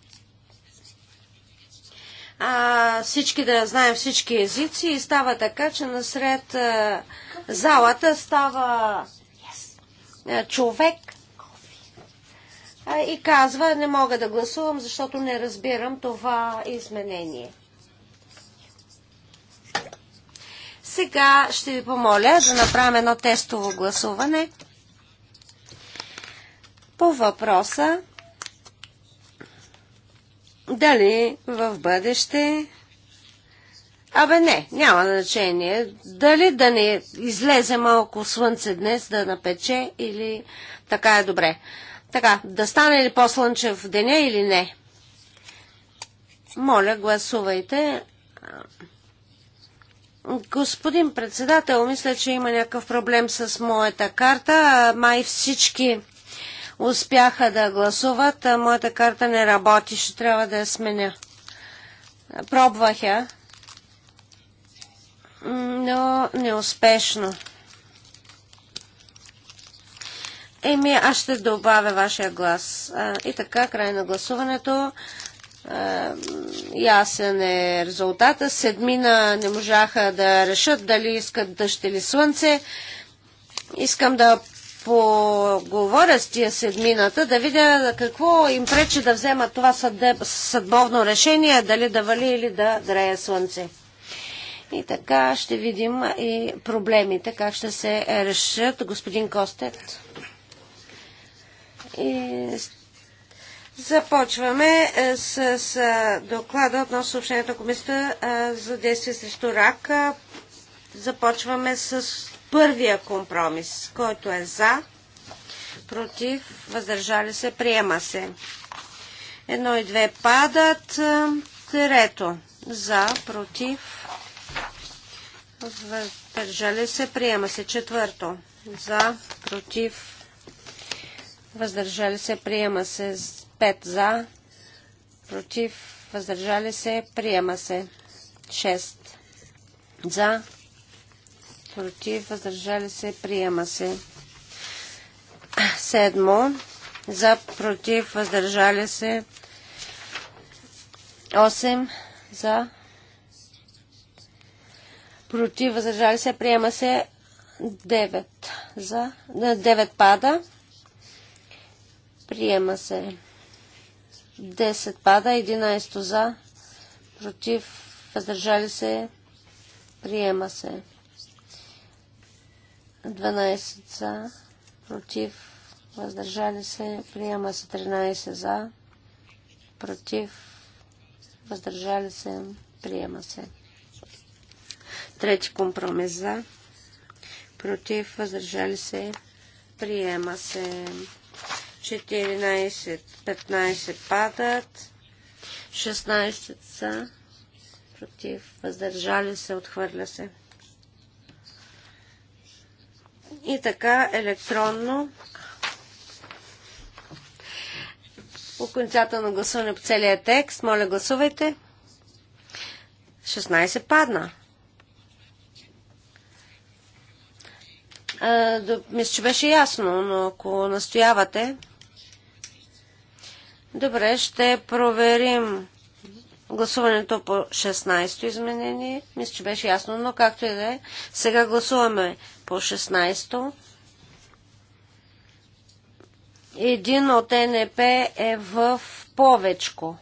[SPEAKER 1] а, всички да знаем всички езици и става така, че насред а, залата става а, човек а, и казва, не мога да гласувам, защото не разбирам това изменение. Сега ще ви помоля да направим едно тестово гласуване по въпроса дали в бъдеще Абе не, няма значение. Дали да не излезе малко слънце днес да напече или така е добре. Така, да стане ли по-слънчев деня или не? Моля, гласувайте. Господин председател, мисля, че има някакъв проблем с моята карта. Май всички успяха да гласуват. Моята карта не работи, ще трябва да я сменя. Пробвах я, но неуспешно. Еми, аз ще добавя вашия глас. А, и така, край на гласуването. А, ясен е резултата. Седмина не можаха да решат дали искат дъжд или слънце. Искам да поговоря с тия седмината, да видя какво им пречи да вземат това съдеб, съдбовно решение, дали да вали или да дрея слънце. И така ще видим и проблемите, как ще се решат. Господин Костет. И започваме е, с, с е, доклада относно съобщението на комисията е, за действие срещу рак. Започваме с първия компромис, който е за, против, въздържали се, приема се. Едно и две падат. Трето. За, против, въздържали се, приема се. Четвърто. За, против, въздържали се, приема се. Пет за, против, въздържали се, приема се. Шест. За, против, въздържали се, приема се. Седмо, за, против, въздържали се. 8 за, против, въздържали се, приема се. 9 за, 9 пада, приема се. 10 пада, 11 за, против, въздържали се, приема се. 12 за, против, въздържали се, приема се 13 за, против, въздържали се, приема се. Трети компромис за, против, въздържали се, приема се. 14, 15 падат, 16 са, против, въздържали се, отхвърля се. И така електронно окончателно гласуване по целия текст. Моля, гласувайте. 16 падна. мисля, че беше ясно, но ако настоявате. Добре, ще проверим гласуването по 16-то изменение. Мисля, че беше ясно, но както и да е. Сега гласуваме по 16 Един от НП е в повечко.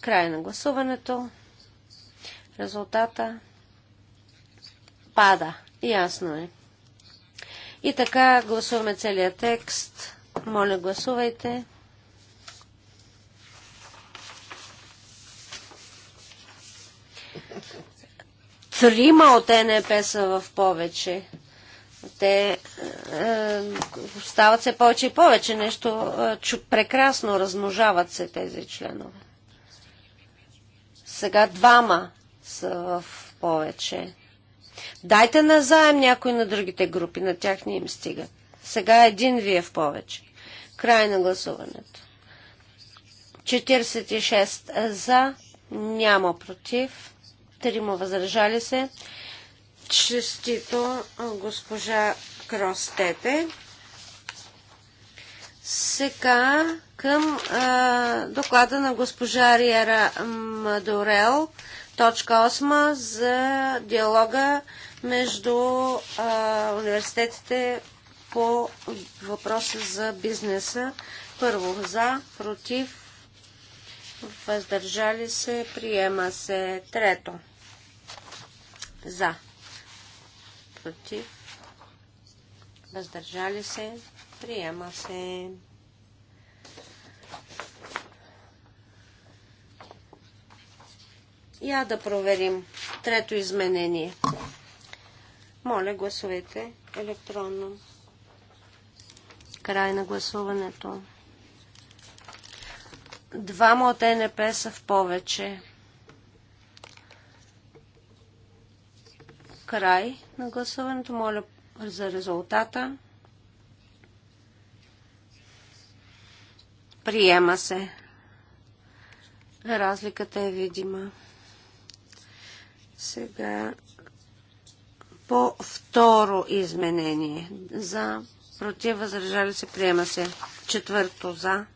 [SPEAKER 1] Край на гласуването. Резултата пада. Ясно е. И така гласуваме целият текст. Моля, гласувайте. Трима от НЕП са в повече. Те е, е стават се повече и повече. Нещо е, чу, прекрасно размножават се тези членове. Сега двама са в повече. Дайте назаем някой на другите групи, на тях не им стига. Сега един ви е в повече. Край на гласуването. 46 за, няма против трима въздържали се. Честито госпожа Кростете. Сега към а, доклада на госпожа Риера Мадорел, точка 8 за диалога между а, университетите по въпроса за бизнеса. Първо за, против, въздържали се, приема се. Трето. За. Против. Въздържали се. Приема се. Я да проверим трето изменение. Моля, гласовете електронно. Край на гласуването. Двама от НП са в повече. Край на гласуването. Моля за резултата. Приема се. Разликата е видима. Сега по второ изменение. За, против, възражали се, приема се. Четвърто за,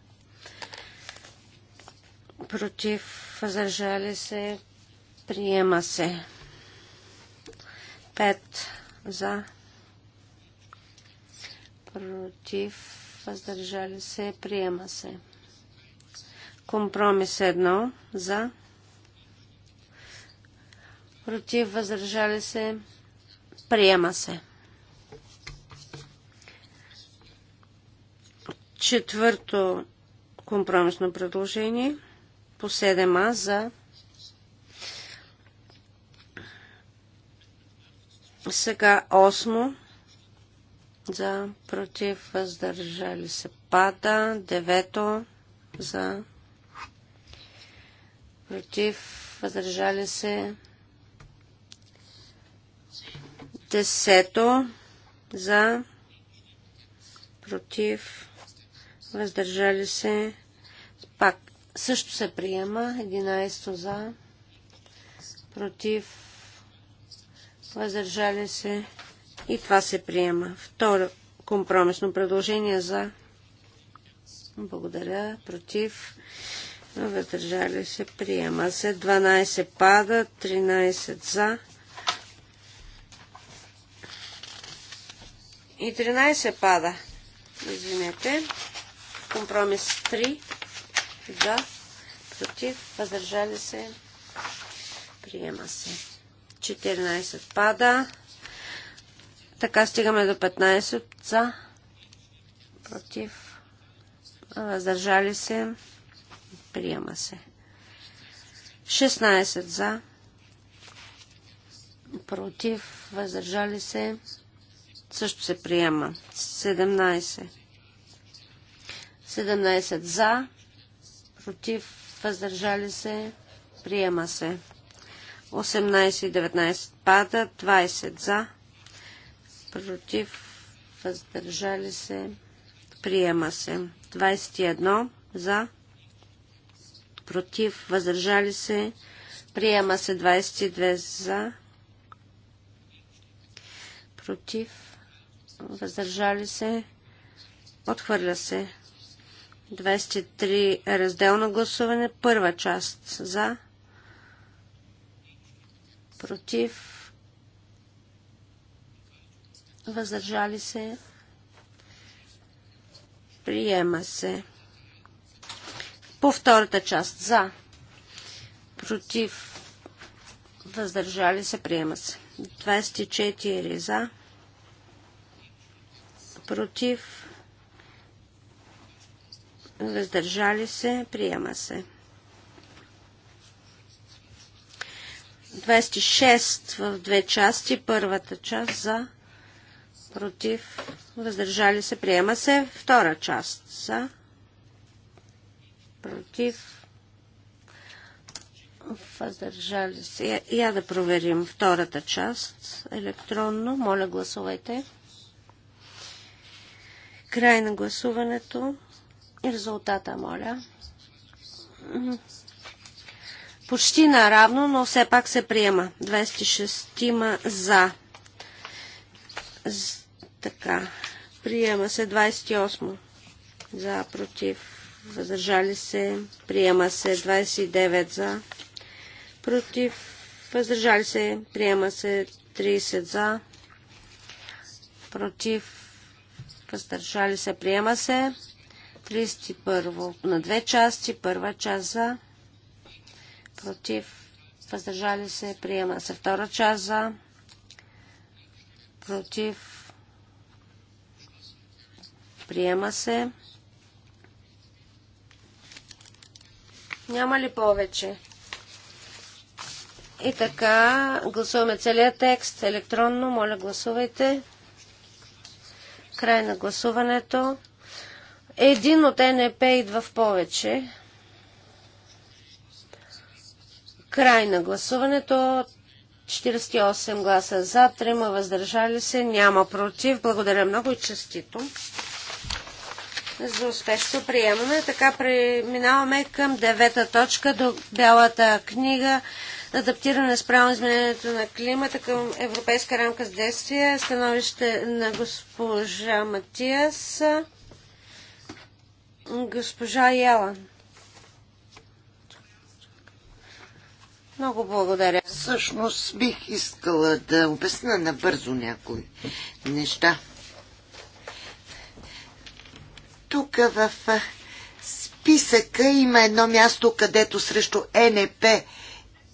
[SPEAKER 1] против, възражали се, приема се. 5 за, против, въздържали се, приема се. Компромис 1 за, против, въздържали се, приема се. Четвърто компромисно предложение по 7а за Сега осмо. За, против, въздържали се. Пада. Девето. За, против, въздържали се. Десето. За, против, въздържали се. Пак също се приема. Единайсто за, против, въздържали се и това се приема. Второ компромисно предложение за благодаря, против, въздържали се, приема се. 12 пада, 13 за. И 13 пада. Извинете. Компромис 3 за, против, въздържали се, приема се. 14 пада. Така стигаме до 15 за, против, въздържали се, приема се. 16 за, против, въздържали се, също се приема. 17. 17 за, против, въздържали се, приема се. 18 и 19 пада, 20 за, против, въздържали се, приема се. 21 за, против, въздържали се, приема се. 22 за, против, въздържали се, отхвърля се. 23 разделно гласуване, първа част за, против, въздържали се, приема се. По втората част за, против, въздържали се, приема се. 24 за, против, въздържали се, приема се. 26 в две части. Първата част за, против, въздържали се, приема се. Втора част за, против, въздържали се. Я, я да проверим втората част електронно. Моля, гласувайте. Край на гласуването. И резултата, моля почти наравно, но все пак се приема. 26-ма за. З, така. Приема се 28 за, против, въздържали се. Приема се 29 за, против, въздържали се. Приема се 30 за, против, въздържали се. Приема се 31 на две части. Първа част за, против, въздържали се, приема се. Втора част за, против, приема се. Няма ли повече? И така, гласуваме целият текст електронно. Моля, гласувайте. Край на гласуването. Един от НП идва в повече. Край на гласуването. 48 гласа за, 3 въздържали се, няма против. Благодаря много и честито за успешно приемане. Така преминаваме към девета точка до Бялата книга адаптиране спрямо изменението на климата към Европейска рамка с действие. Становище на госпожа Матиас. Госпожа Ялан. Много благодаря. Всъщност
[SPEAKER 3] бих искала да обясна набързо някои неща. Тук в списъка има едно място, където срещу НП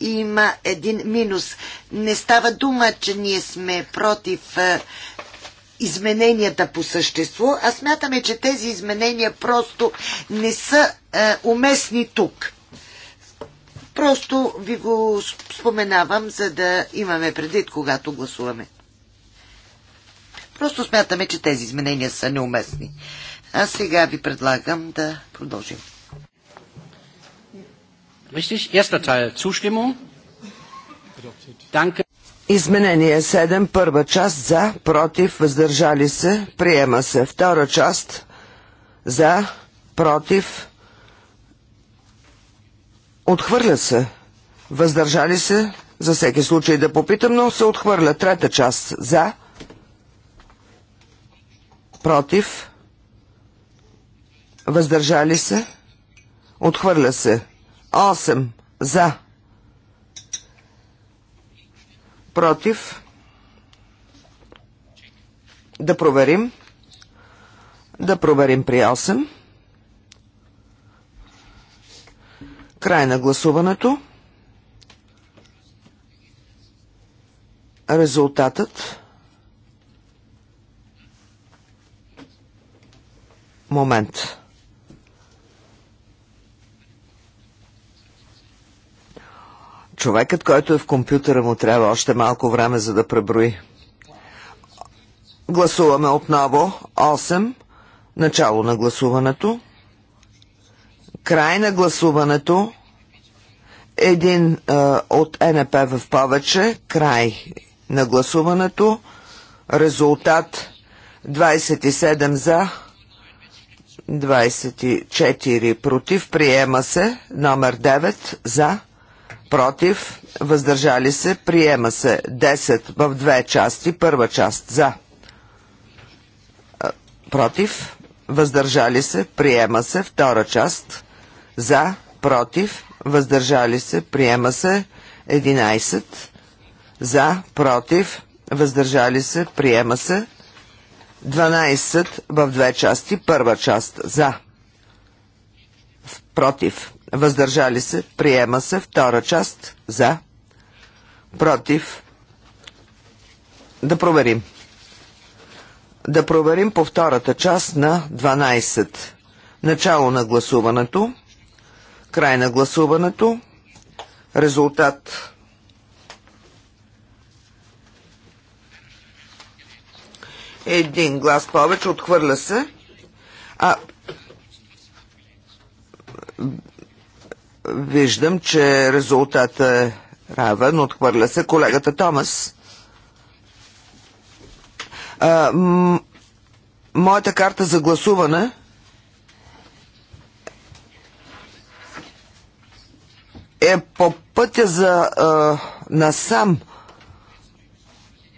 [SPEAKER 3] има един минус. Не става дума, че ние сме против измененията по същество, а смятаме, че тези изменения просто не са е, уместни тук. Просто ви го споменавам, за да имаме предвид, когато гласуваме. Просто смятаме, че тези изменения са неуместни. А сега ви предлагам да продължим.
[SPEAKER 2] Изменение 7, първа част за, против, въздържали се, приема се. Втора част за, против, Отхвърля се. Въздържали се, за всеки случай да попитам, но се отхвърля. Трета част. За. Против. Въздържали се. Отхвърля се. 8. За. Против. Да проверим. Да проверим при 8. Край на гласуването. Резултатът. Момент. Човекът, който е в компютъра му, трябва още малко време, за да преброи. Гласуваме отново 8. Начало на гласуването. Край на гласуването. Един а, от НП в повече. Край на гласуването. Резултат 27 за, 24 против. Приема се. Номер 9 за, против. Въздържали се. Приема се 10 в две части. Първа част за, против. Въздържали се. Приема се. Втора част за, против, въздържали се, приема се 11 за, против, въздържали се, приема се 12 в две части, първа част за, против, въздържали се, приема се втора част за, против, да проверим. Да проверим по втората част на 12. Начало на гласуването. Край на гласуването. Резултат. Един глас повече. Отхвърля се. А виждам, че резултатът е равен. Отхвърля се колегата Томас. А, моята карта за гласуване е по пътя за а, насам.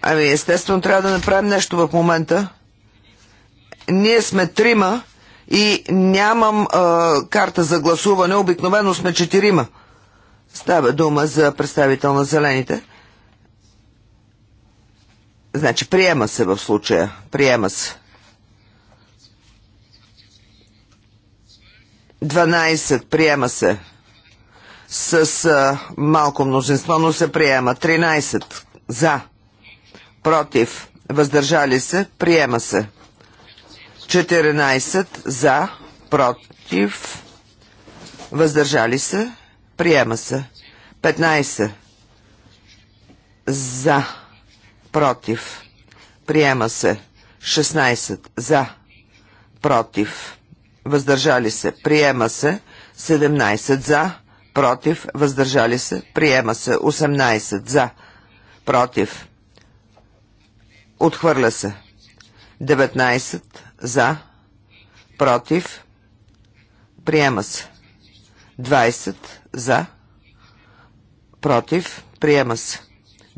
[SPEAKER 2] Ами, естествено, трябва да направим нещо в момента. Ние сме трима и нямам а, карта за гласуване. Обикновено сме четирима. Става дума за представител на зелените. Значи, приема се в случая. Приема се. 12. Приема се с а, малко мнозинство, но се приема. 13 за, против, въздържали се, приема се. 14 за, против, въздържали се, приема се. 15 за, против, приема се. 16 за, против, въздържали се, приема се. 17 за, против, въздържали се, приема се. 18 за, против, отхвърля се. 19 за, против, приема се. 20 за, против, приема се.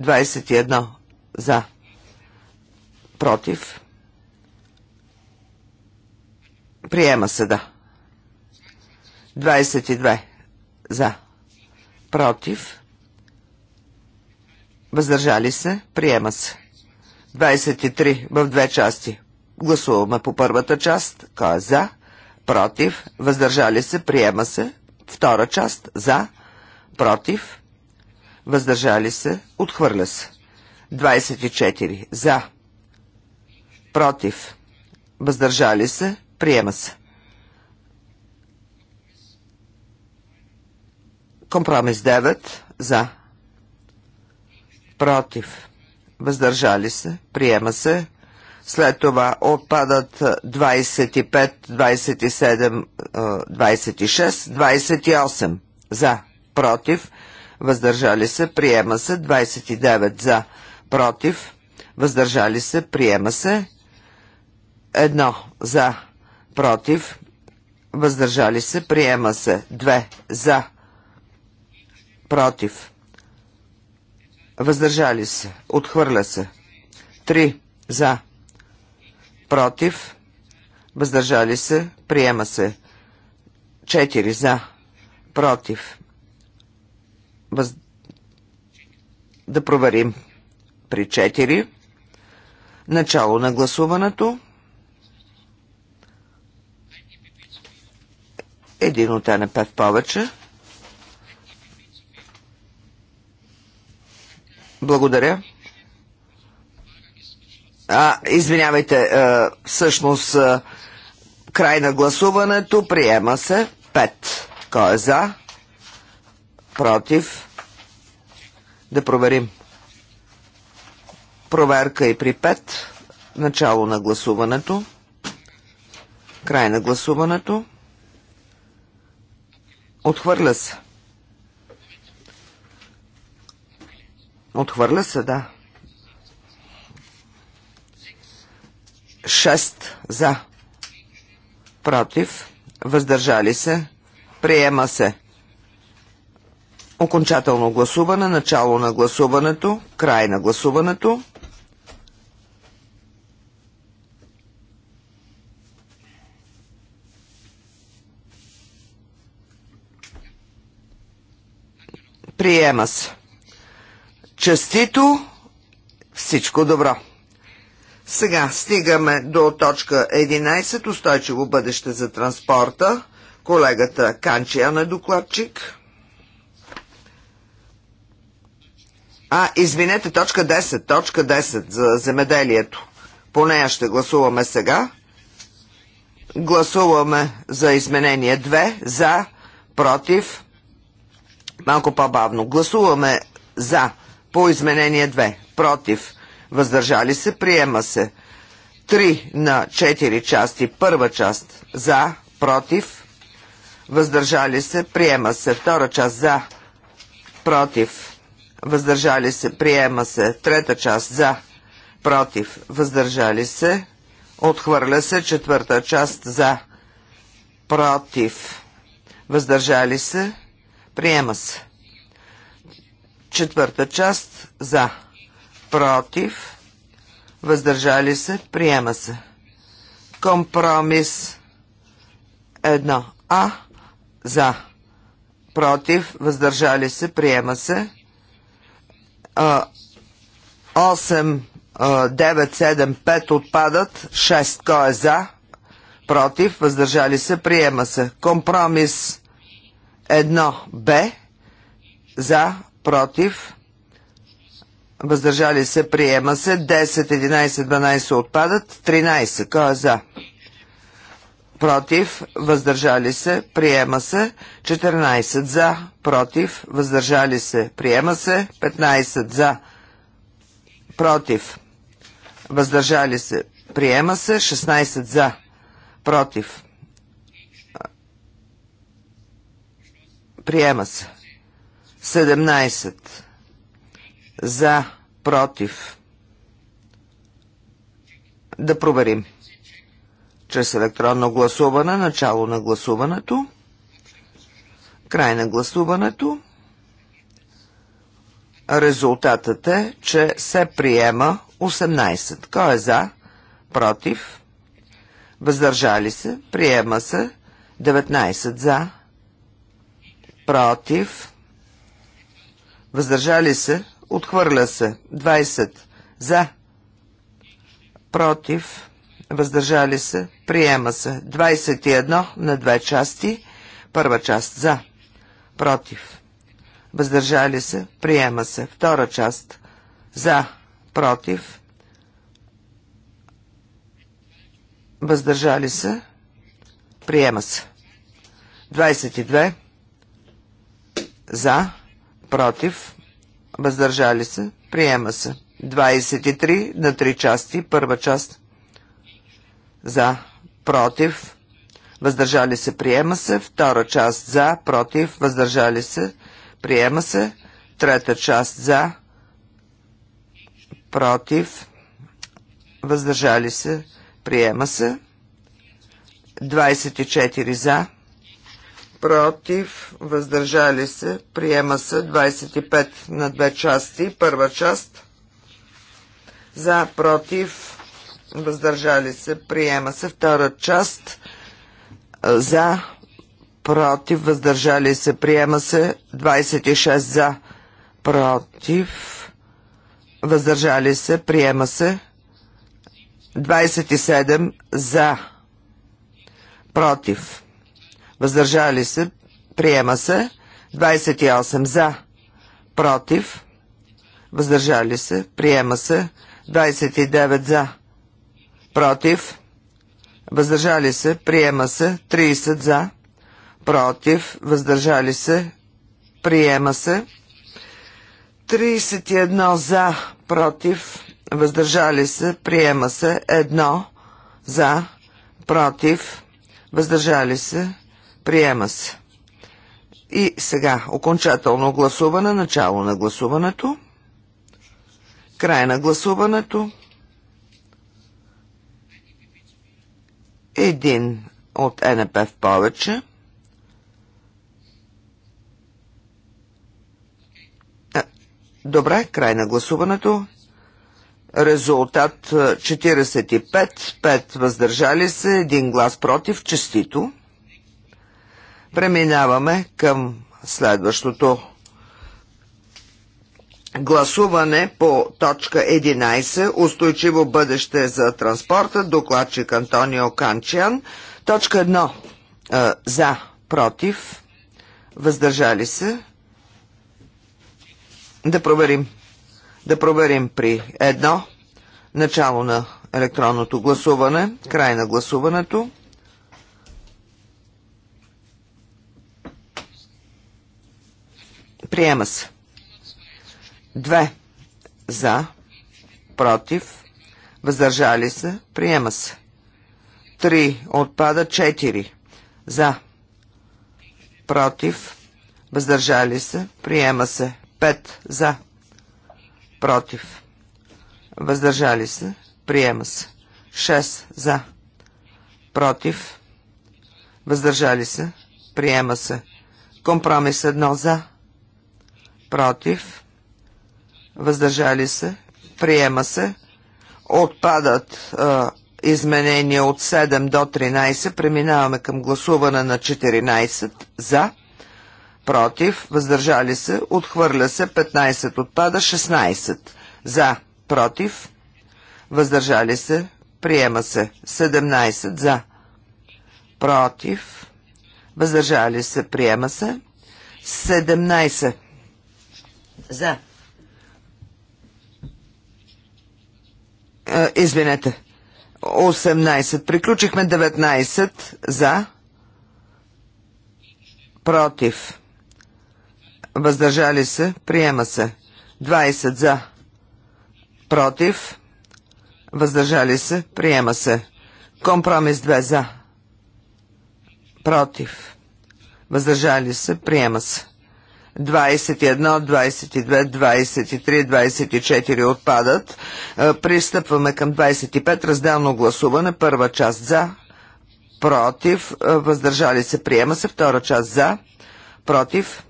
[SPEAKER 2] 21 за, против, приема се, да. 22 за. Против. Въздържали се. Приема се. 23 в две части. Гласуваме по първата част. Кой е за? Против. Въздържали се. Приема се. Втора част. За. Против. Въздържали се. Отхвърля се. 24. За. Против. Въздържали се. Приема се. Компромис 9 за. Против. Въздържали се. Приема се. След това отпадат 25, 27, 26, 28 за. Против. Въздържали се. Приема се. 29 за. Против. Въздържали се. Приема се. Едно за. Против. Въздържали се. Приема се. Две за против, въздържали се, отхвърля се. 3 за, против, въздържали се, приема се. 4 за, против, въз... да проверим при четири. Начало на гласуването. Един от НП в повече. Благодаря. А, извинявайте, а, всъщност а, край на гласуването приема се 5. Кой е за? Против? Да проверим. Проверка и при 5. Начало на гласуването. Край на гласуването. Отхвърля се. Отхвърля се, да. Шест за. Против. Въздържали се. Приема се. Окончателно гласуване, начало на гласуването, край на гласуването. Приема се. Честито, всичко добро! Сега стигаме до точка 11, устойчиво бъдеще за транспорта. Колегата Канчия на е докладчик. А, извинете, точка 10, точка 10 за земеделието. По нея ще гласуваме сега. Гласуваме за изменение 2, за, против, малко по-бавно. Гласуваме за по изменение 2. Против. Въздържали се. Приема се. 3 на 4 части. Първа част. За. Против. Въздържали се. Приема се. Втора част. За. Против. Въздържали се. Приема се. Трета част. За. Против. Въздържали се. Отхвърля се. Четвърта част. За. Против. Въздържали се. Приема се. Четвърта част за. Против. Въздържали се. Приема се. Компромис. Едно. А. За. Против. Въздържали се. Приема се. 8, 9, 7, 5 отпадат. 6. кое за? Против. Въздържали се. Приема се. Компромис. 1. Б. За против, въздържали се, приема се, 10, 11, 12 отпадат, 13, кой е за? против, въздържали се, приема се, 14 за, против, въздържали се, приема се, 15 за, против, въздържали се, приема се, 16 за, против, приема се. 17 за, против. Да проверим. Чрез електронно гласуване, начало на гласуването, край на гласуването. Резултатът е, че се приема 18. Кой е за? Против? Въздържали се? Приема се 19 за. Против? въздържали се, отхвърля се. 20 за, против, въздържали се, приема се. 21 на две части, първа част за, против, въздържали се, приема се. Втора част за, против, въздържали се, приема се. 22 за, против, въздържали се, приема се. 23 на 3 части, първа част за, против, въздържали се, приема се, втора част за, против, въздържали се, приема се, трета част за, против, въздържали се, приема се, 24 за, против, въздържали се, приема се 25 на две части, първа част, за, против, въздържали се, приема се втора част, за, против, въздържали се, приема се 26 за, против, въздържали се, приема се 27 за, против въздържали се, приема се. 28 за, против, въздържали се, приема се. 29 за, против, въздържали се, приема се. 30 за, против, въздържали се, приема се. 31 за, против, въздържали се, приема се. 1 за, против, въздържали се, Приема се. И сега, окончателно гласуване, начало на гласуването, край на гласуването, един от НП в повече, Добре, край на гласуването. Резултат 45, 5 въздържали се, 1 глас против, честито. Преминаваме към следващото гласуване по точка 11 Устойчиво бъдеще за транспорта, докладчик Антонио Канчиан. Точка 1 за, против, въздържали се. Да проверим. Да проверим при едно начало на електронното гласуване, край на гласуването. Приема се. 2. За. Против. Въздържали се. Приема се. 3. Отпада 4. За. Против. Въздържали се. Приема се. 5. За. Против. Въздържали се. Приема се. 6. За. Против. Въздържали се. Приема се. Компромис 1 за против, въздържали се, приема се, отпадат а, изменения от 7 до 13, преминаваме към гласуване на 14 за, против, въздържали се, отхвърля се, 15 отпада, 16 за, против, въздържали се, приема се, 17 за, против, въздържали се, приема се, 17 за. Е, извинете. 18. Приключихме 19. За. Против. Въздържали се. Приема се. 20. За. Против. Въздържали се. Приема се. Компромис 2. За. Против. Въздържали се. Приема се. 21, 22, 23, 24 отпадат. Е, пристъпваме към 25. Разделно гласуване. Първа част за, против, е, въздържали се, приема се. Втора част за, против,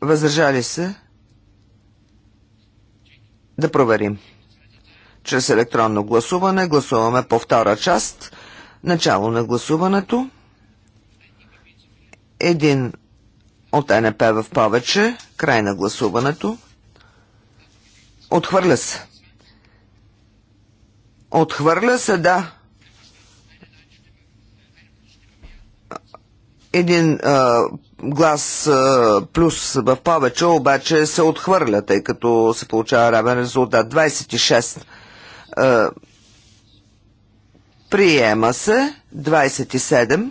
[SPEAKER 2] въздържали се. Да проверим. Чрез електронно гласуване гласуваме по втора част. Начало на гласуването. Един от НП в повече. Край на гласуването. Отхвърля се. Отхвърля се, да. Един а, глас а, плюс в повече, обаче се отхвърля, тъй като се получава равен резултат. 26. А, приема се. 27.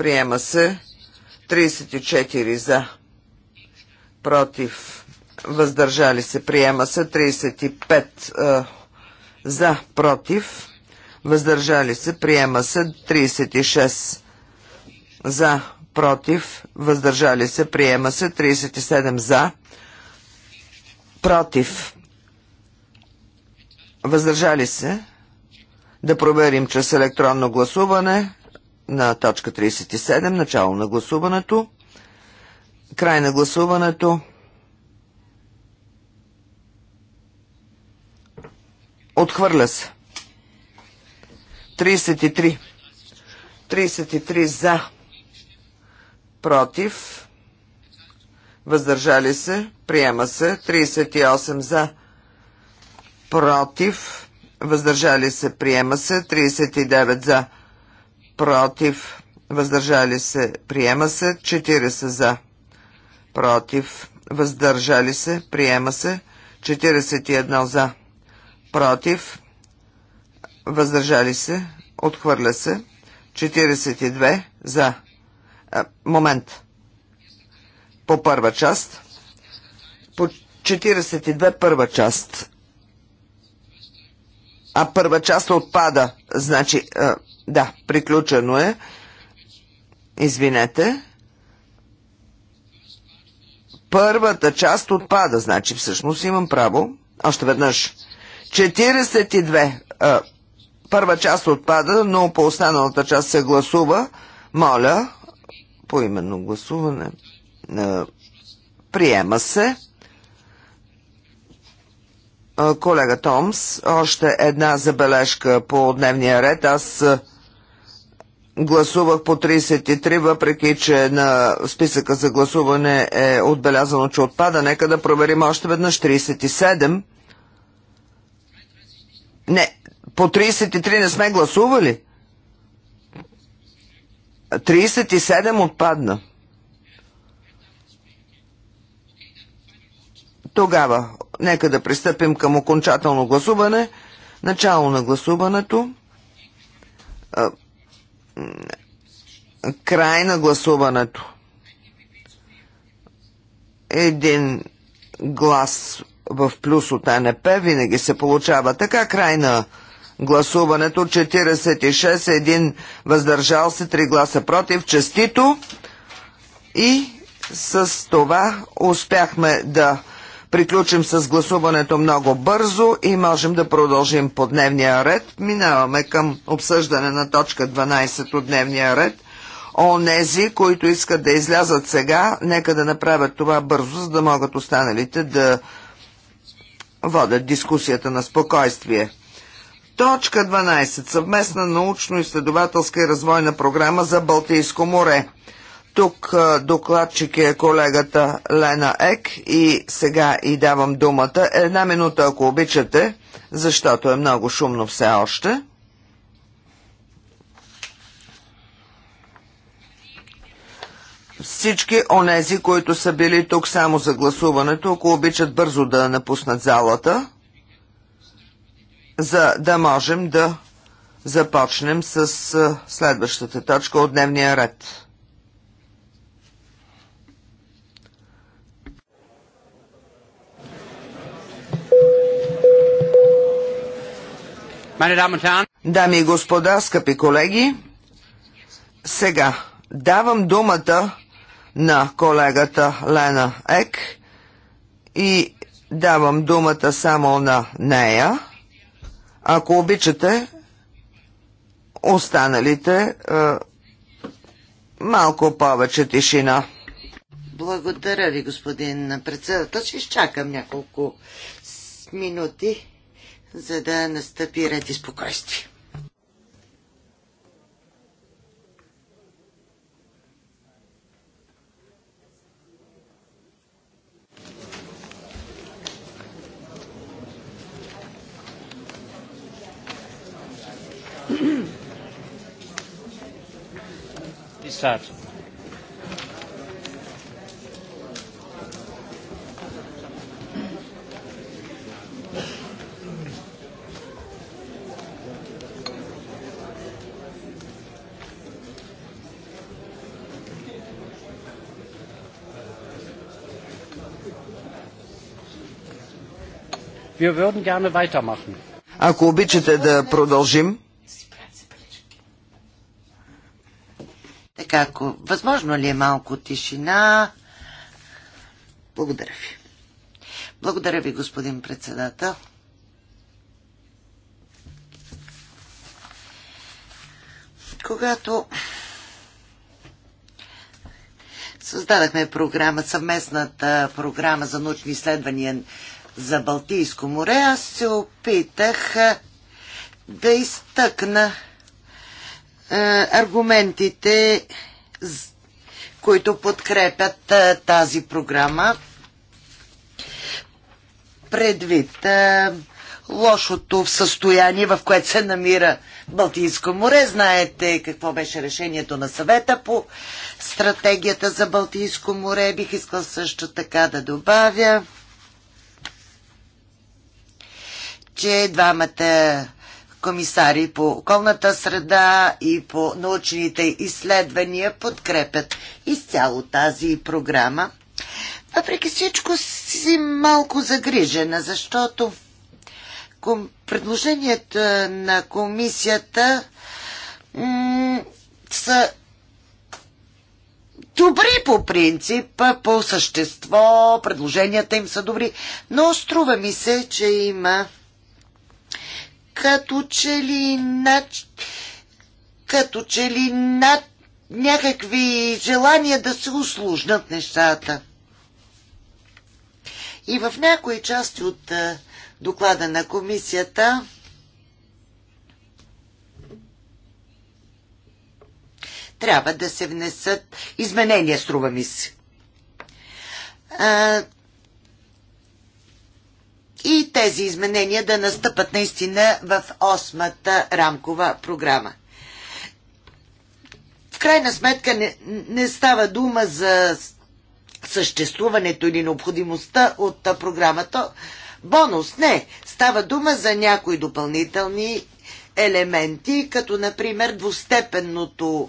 [SPEAKER 2] Приема се 34 за. Против. Въздържали се. Приема се 35 за. Против. Въздържали се. Приема се 36 за. Против. Въздържали се. Приема се 37 за. Против. Въздържали се. Да проверим чрез електронно гласуване на точка 37, начало на гласуването, край на гласуването, отхвърля се. 33. 33 за, против, въздържали се, приема се, 38 за, против, въздържали се, приема се, 39 за, против, против, въздържали се, приема се, 40 за, против, въздържали се, приема се, 41 за, против, въздържали се, отхвърля се, 42 за. А, момент. По първа част. По 42 първа част. А първа част отпада. Значи, а, да, приключено е. Извинете. Първата част отпада, значи всъщност имам право. Още веднъж. 42. първа част отпада, но по останалата част се гласува. Моля, по именно гласуване. приема се. колега Томс, още една забележка по дневния ред. Аз гласувах по 33, въпреки че на списъка за гласуване е отбелязано, че отпада. Нека да проверим още веднъж 37. Не, по 33 не сме гласували. 37 отпадна. Тогава, нека да пристъпим към окончателно гласуване. Начало на гласуването. Край на гласуването. Един глас в плюс от НП винаги се получава така. Край на гласуването. 46, един въздържал се, 3 гласа против. Честито! И с това успяхме да приключим с гласуването много бързо и можем да продължим по дневния ред. Минаваме към обсъждане на точка 12 от дневния ред. Онези, които искат да излязат сега, нека да направят това бързо, за да могат останалите да водят дискусията на спокойствие. Точка 12. Съвместна научно-изследователска и развойна програма за Балтийско море. Тук докладчик е колегата Лена Ек и сега и давам думата. Една минута, ако обичате, защото е много шумно все още. Всички онези, които са били тук само за гласуването, ако обичат бързо да напуснат залата, за да можем да започнем с следващата точка от дневния ред. Дами и господа, скъпи колеги, сега давам думата на колегата Лена Ек и давам думата само на нея. Ако обичате, останалите е, малко повече тишина.
[SPEAKER 3] Благодаря ви, господин председател. Ще изчакам няколко минути за да настъпи ред и спокойствие. start. Ако обичате да продължим. Така, ако възможно ли е малко тишина? Благодаря ви. Благодаря ви, господин председател. Когато създадахме програма, съвместната програма за научни изследвания за Балтийско море, аз се опитах да изтъкна аргументите, които подкрепят тази програма предвид лошото в състояние, в което се намира Балтийско море. Знаете какво беше решението на съвета по стратегията за Балтийско море. Бих искал също така да добавя, че двамата комисари по околната среда и по научните изследвания подкрепят изцяло тази програма. Въпреки всичко си малко загрижена, защото предложенията на комисията са добри по принцип, по същество, предложенията им са добри, но струва ми се, че има като че ли над, като че ли над някакви желания да се услужнат нещата. И в някои части от доклада на комисията трябва да се внесат изменения, струва ми се и тези изменения да настъпат наистина в осмата рамкова програма. В крайна сметка не, не става дума за съществуването или необходимостта от програмата. Бонус не. Става дума за някои допълнителни елементи, като например двустепенното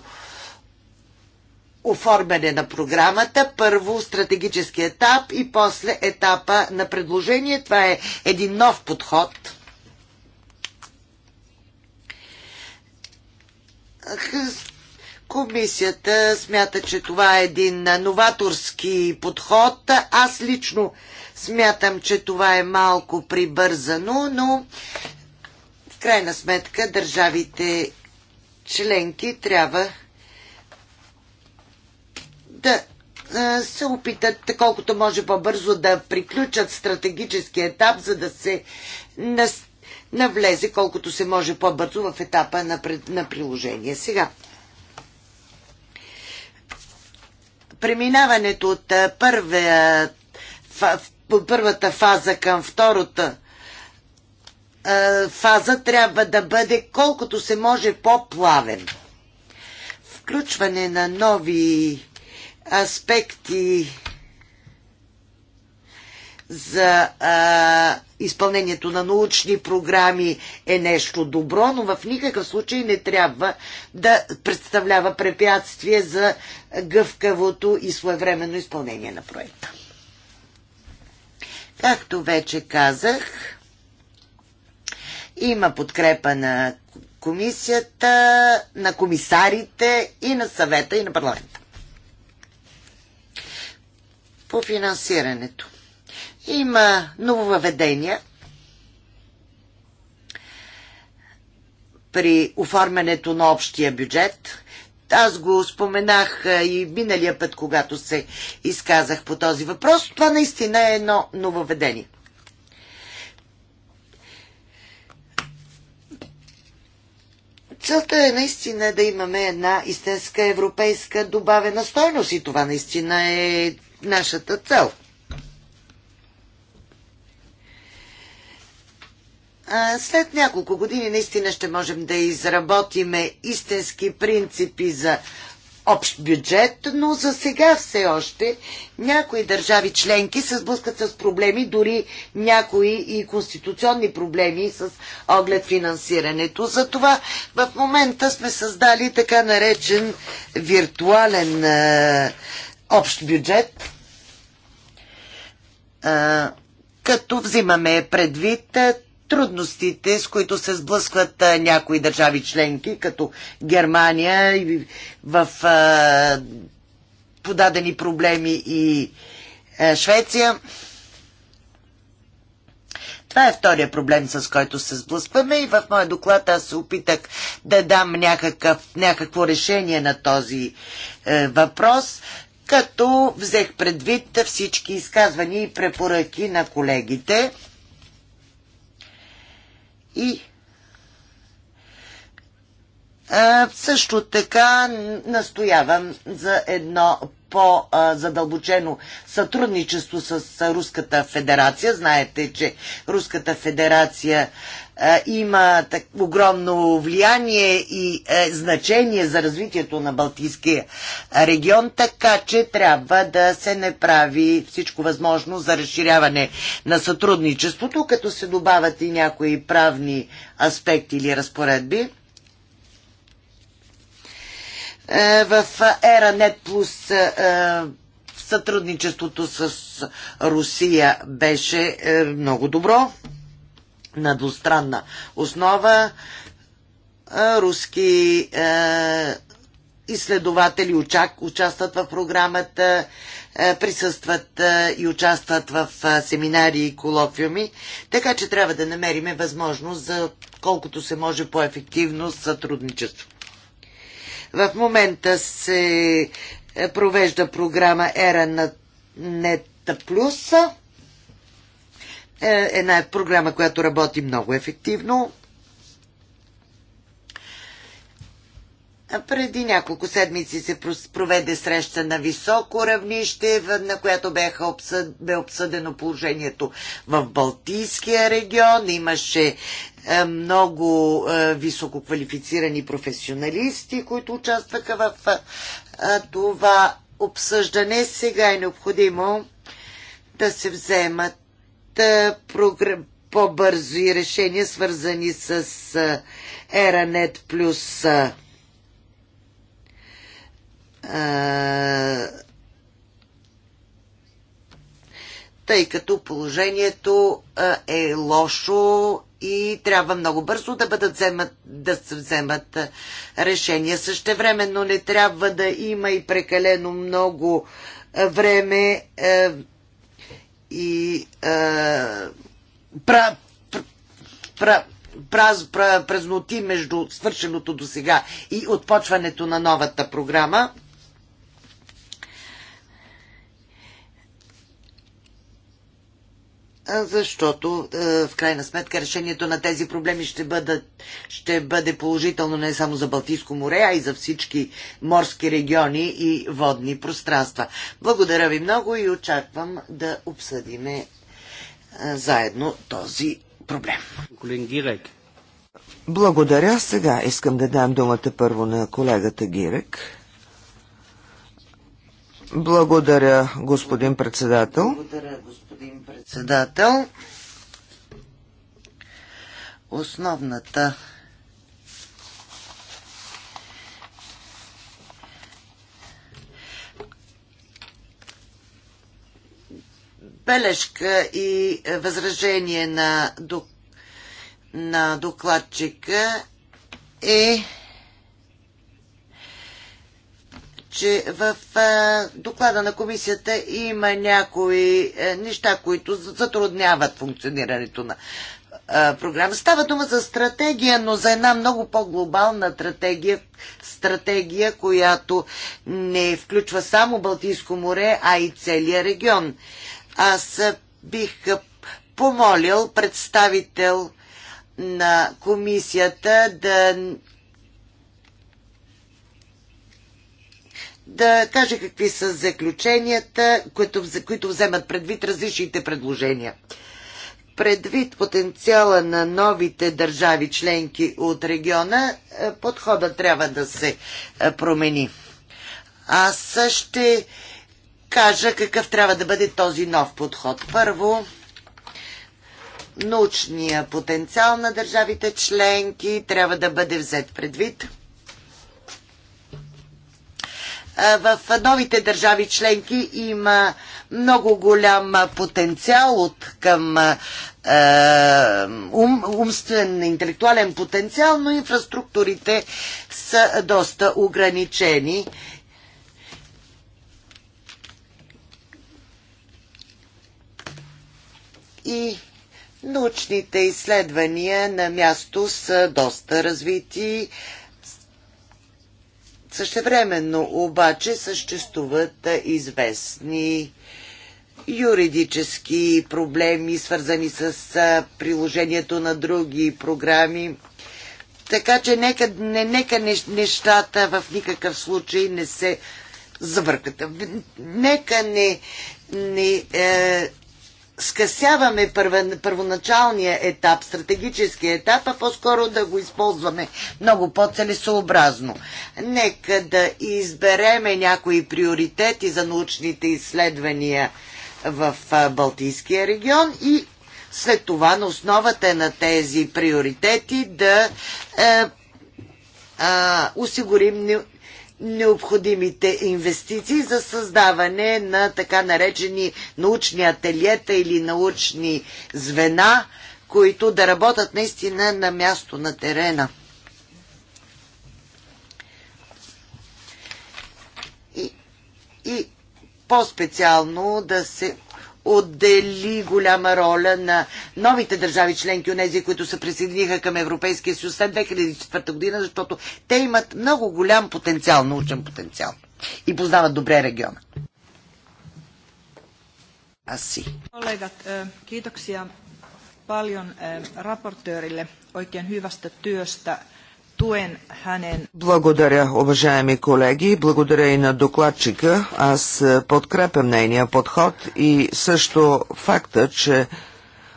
[SPEAKER 3] оформяне на програмата, първо стратегически етап и после етапа на предложение. Това е един нов подход. Комисията смята, че това е един новаторски подход. Аз лично смятам, че това е малко прибързано, но в крайна сметка държавите членки трябва да се опитат колкото може по-бързо да приключат стратегически етап, за да се навлезе колкото се може по-бързо в етапа на, приложение. Сега, преминаването от първия, първата фаза към втората фаза трябва да бъде колкото се може по-плавен. Включване на нови аспекти за а, изпълнението на научни програми е нещо добро, но в никакъв случай не трябва да представлява препятствие за гъвкавото и своевременно изпълнение на проекта. Както вече казах, има подкрепа на комисията, на комисарите и на съвета и на парламента по финансирането. Има нововъведения при оформянето на общия бюджет. Аз го споменах и миналия път, когато се изказах по този въпрос. Това наистина е едно нововведение. Целта е наистина да имаме една истинска европейска добавена стойност и това наистина е нашата цел. След няколко години наистина ще можем да изработиме истински принципи за общ бюджет, но за сега все още някои държави членки се сблъскат с проблеми, дори някои и конституционни проблеми с оглед финансирането. Затова в момента сме създали така наречен виртуален общ бюджет, като взимаме предвид трудностите, с които се сблъскват някои държави членки, като Германия в подадени проблеми и Швеция. Това е втория проблем, с който се сблъскваме и в моя доклад аз се опитах да дам някакъв, някакво решение на този е, въпрос като взех предвид всички изказвания и препоръки на колегите. И също така настоявам за едно по-задълбочено сътрудничество с Руската федерация. Знаете, че Руската федерация има так, огромно влияние и е, значение за развитието на Балтийския регион, така че трябва да се не прави всичко възможно за разширяване на сътрудничеството, като се добавят и някои правни аспекти или разпоредби е, в ера Нет Плюс е, е, сътрудничеството с Русия беше много добро на двустранна основа. Руски изследователи участват в програмата, присъстват и участват в семинари и колоквиуми, така че трябва да намерим възможност за колкото се може по-ефективно сътрудничество. В момента се е, провежда програма Ера на Нета Плюса. Е, една е програма, която работи много ефективно. Преди няколко седмици се проведе среща на високо равнище, на която беха обсъд... бе обсъдено положението в Балтийския регион. Имаше е, много е, висококвалифицирани професионалисти, които участваха в това обсъждане. Сега е необходимо да се вземат по и решения, свързани с Еранет плюс тъй като положението е лошо и трябва много бързо да бъдат вземат, да се вземат решения. Същевременно не трябва да има и прекалено много време и е, пра, пра, праз, празноти между свършеното до сега и отпочването на новата програма. защото в крайна сметка решението на тези проблеми ще, бъдат, ще бъде положително не само за Балтийско море, а и за всички морски региони и водни пространства. Благодаря ви много и очаквам да обсъдиме заедно този проблем.
[SPEAKER 2] Благодаря. Сега искам да дам думата първо на колегата Гирек. Благодаря, господин председател.
[SPEAKER 3] Благодаря, господин господин председател. Основната бележка и възражение на, на докладчика е че в доклада на комисията има някои е, неща, които затрудняват функционирането на програма. Става дума за стратегия, но за една много по-глобална стратегия, стратегия, която не включва само Балтийско море, а и целия регион. Аз бих помолил представител на комисията да да каже какви са заключенията, които, които вземат предвид различните предложения. Предвид потенциала на новите държави членки от региона, е, подхода трябва да се е, промени. Аз ще кажа какъв трябва да бъде този нов подход. Първо, научния потенциал на държавите членки трябва да бъде взет предвид – в новите държави членки има много голям потенциал от към ум, умствен, интелектуален потенциал, но инфраструктурите са доста ограничени. И научните изследвания на място са доста развити. Същевременно обаче съществуват известни юридически проблеми, свързани с приложението на други програми. Така че нека, не, нека нещата в никакъв случай не се завъркат. Нека не, не е, скъсяваме първоначалния етап, стратегическия етап, а по-скоро да го използваме много по-целесообразно. Нека да избереме някои приоритети за научните изследвания в Балтийския регион и след това на основата на тези приоритети да е, е, осигурим необходимите инвестиции за създаване на така наречени научни ателиета или научни звена, които да работят наистина на място на терена. И, и по-специално да се отдели голяма роля на новите държави членки, онези, които се присъединиха към Европейския съюз след 2004 година, защото те имат много голям потенциал, научен потенциал и познават добре региона. Аси.
[SPEAKER 2] Е, kiitoksia paljon е, raportöörille oikein hyvästä työstä. Благодаря, уважаеми колеги. Благодаря и на докладчика. Аз е, подкрепям нейния подход и също факта, че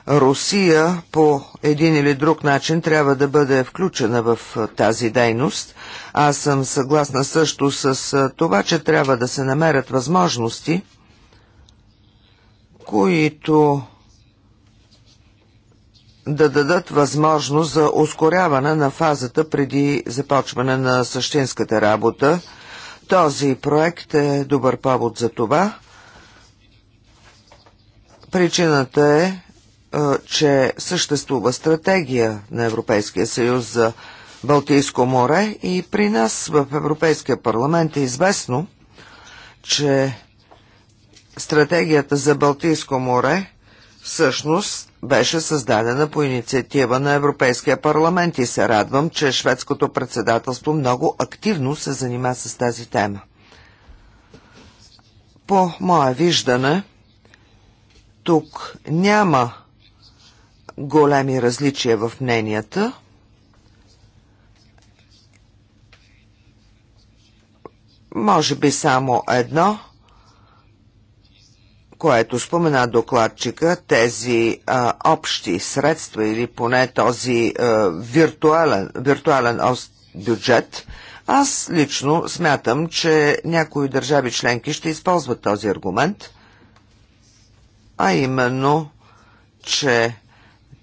[SPEAKER 2] Русия по един или друг начин трябва да бъде включена в е, тази дейност. Аз съм съгласна също с е, това, че трябва да се намерят възможности, които да дадат възможност за ускоряване на фазата преди започване на същинската работа. Този проект е добър повод за това. Причината е, е, че съществува стратегия на Европейския съюз за Балтийско море и при нас в Европейския парламент е известно, че стратегията за Балтийско море всъщност беше създадена по инициатива на Европейския парламент и се радвам, че шведското председателство много активно се занима с тази тема. По мое виждане, тук няма големи различия в мненията. Може би само едно – което спомена докладчика, тези а, общи средства или поне този а, виртуален, виртуален бюджет, аз лично смятам, че някои държави членки ще използват този аргумент, а именно, че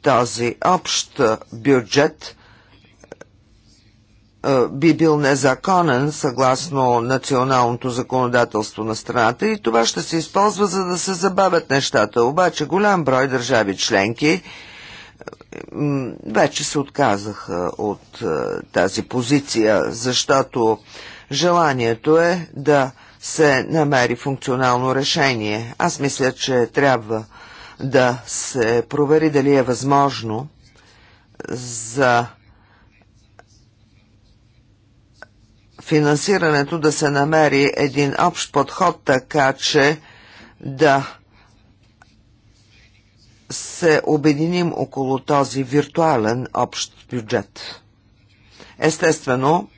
[SPEAKER 2] този общ бюджет – е, би бил незаконен съгласно националното законодателство на страната и това ще се използва за да се забавят нещата. Обаче голям брой държави членки е, вече се отказаха от е, тази позиция, защото желанието е да се намери функционално решение. Аз мисля, че трябва да се провери дали е възможно за финансирането да се намери един общ подход, така че да се обединим около този виртуален общ бюджет. Естествено,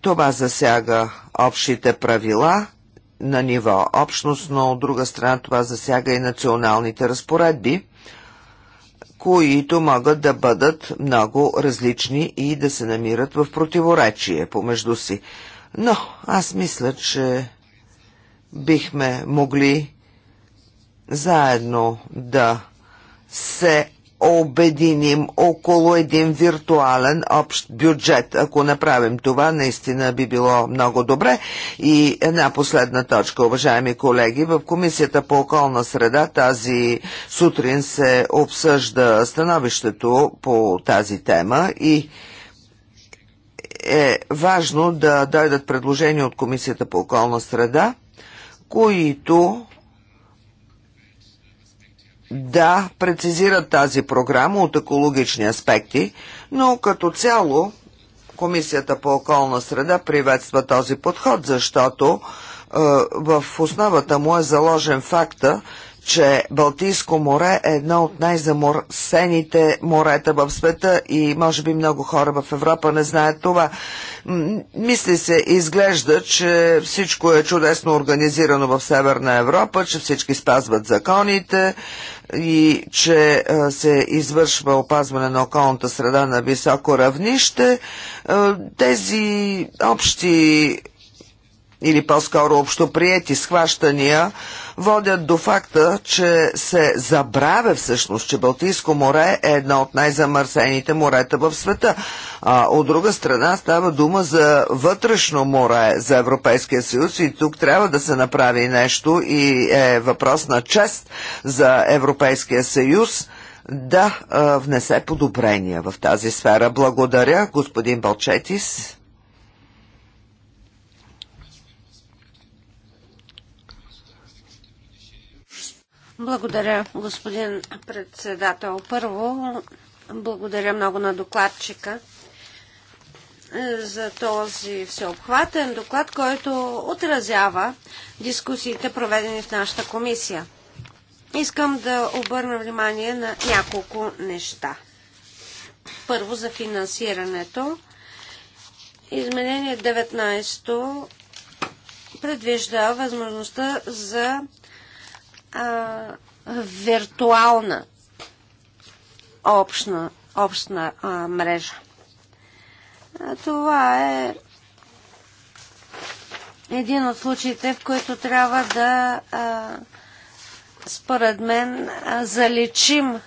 [SPEAKER 2] това засяга общите правила на ниво общност, но от друга страна това засяга и националните разпоредби които могат да бъдат много различни и да се намират в противоречие помежду си. Но аз мисля, че бихме могли заедно да се обединим около един виртуален общ бюджет. Ако направим това, наистина би било много добре. И една последна точка, уважаеми колеги. В Комисията по околна среда тази сутрин се обсъжда становището по тази тема и е важно да дойдат предложения от Комисията по околна среда, които да прецизират тази програма от екологични аспекти, но като цяло Комисията по околна среда приветства този подход, защото е, в основата му е заложен факта, че Балтийско море е едно от най-заморсените морета в света и може би много хора в Европа не знаят това. Мисли се, изглежда, че всичко е чудесно организирано в Северна Европа, че всички спазват законите, и че се извършва опазване на околната среда на високо равнище. Тези общи или по-скоро общоприети схващания водят до факта, че се забравя всъщност, че Балтийско море е едно от най-замърсените морета в света. А, от друга страна става дума за вътрешно море за Европейския съюз и тук трябва да се направи нещо и е въпрос на чест за Европейския съюз да а, внесе подобрения в тази сфера. Благодаря, господин Балчетис.
[SPEAKER 1] Благодаря, господин председател. Първо, благодаря много на докладчика е, за този всеобхватен доклад, който отразява дискусиите, проведени в нашата комисия. Искам да обърна внимание на няколко неща. Първо за финансирането. Изменение 19 предвижда възможността за а, виртуална общна, общна а, мрежа. А, това е един от случаите, в които трябва да, а, според мен, а, заличим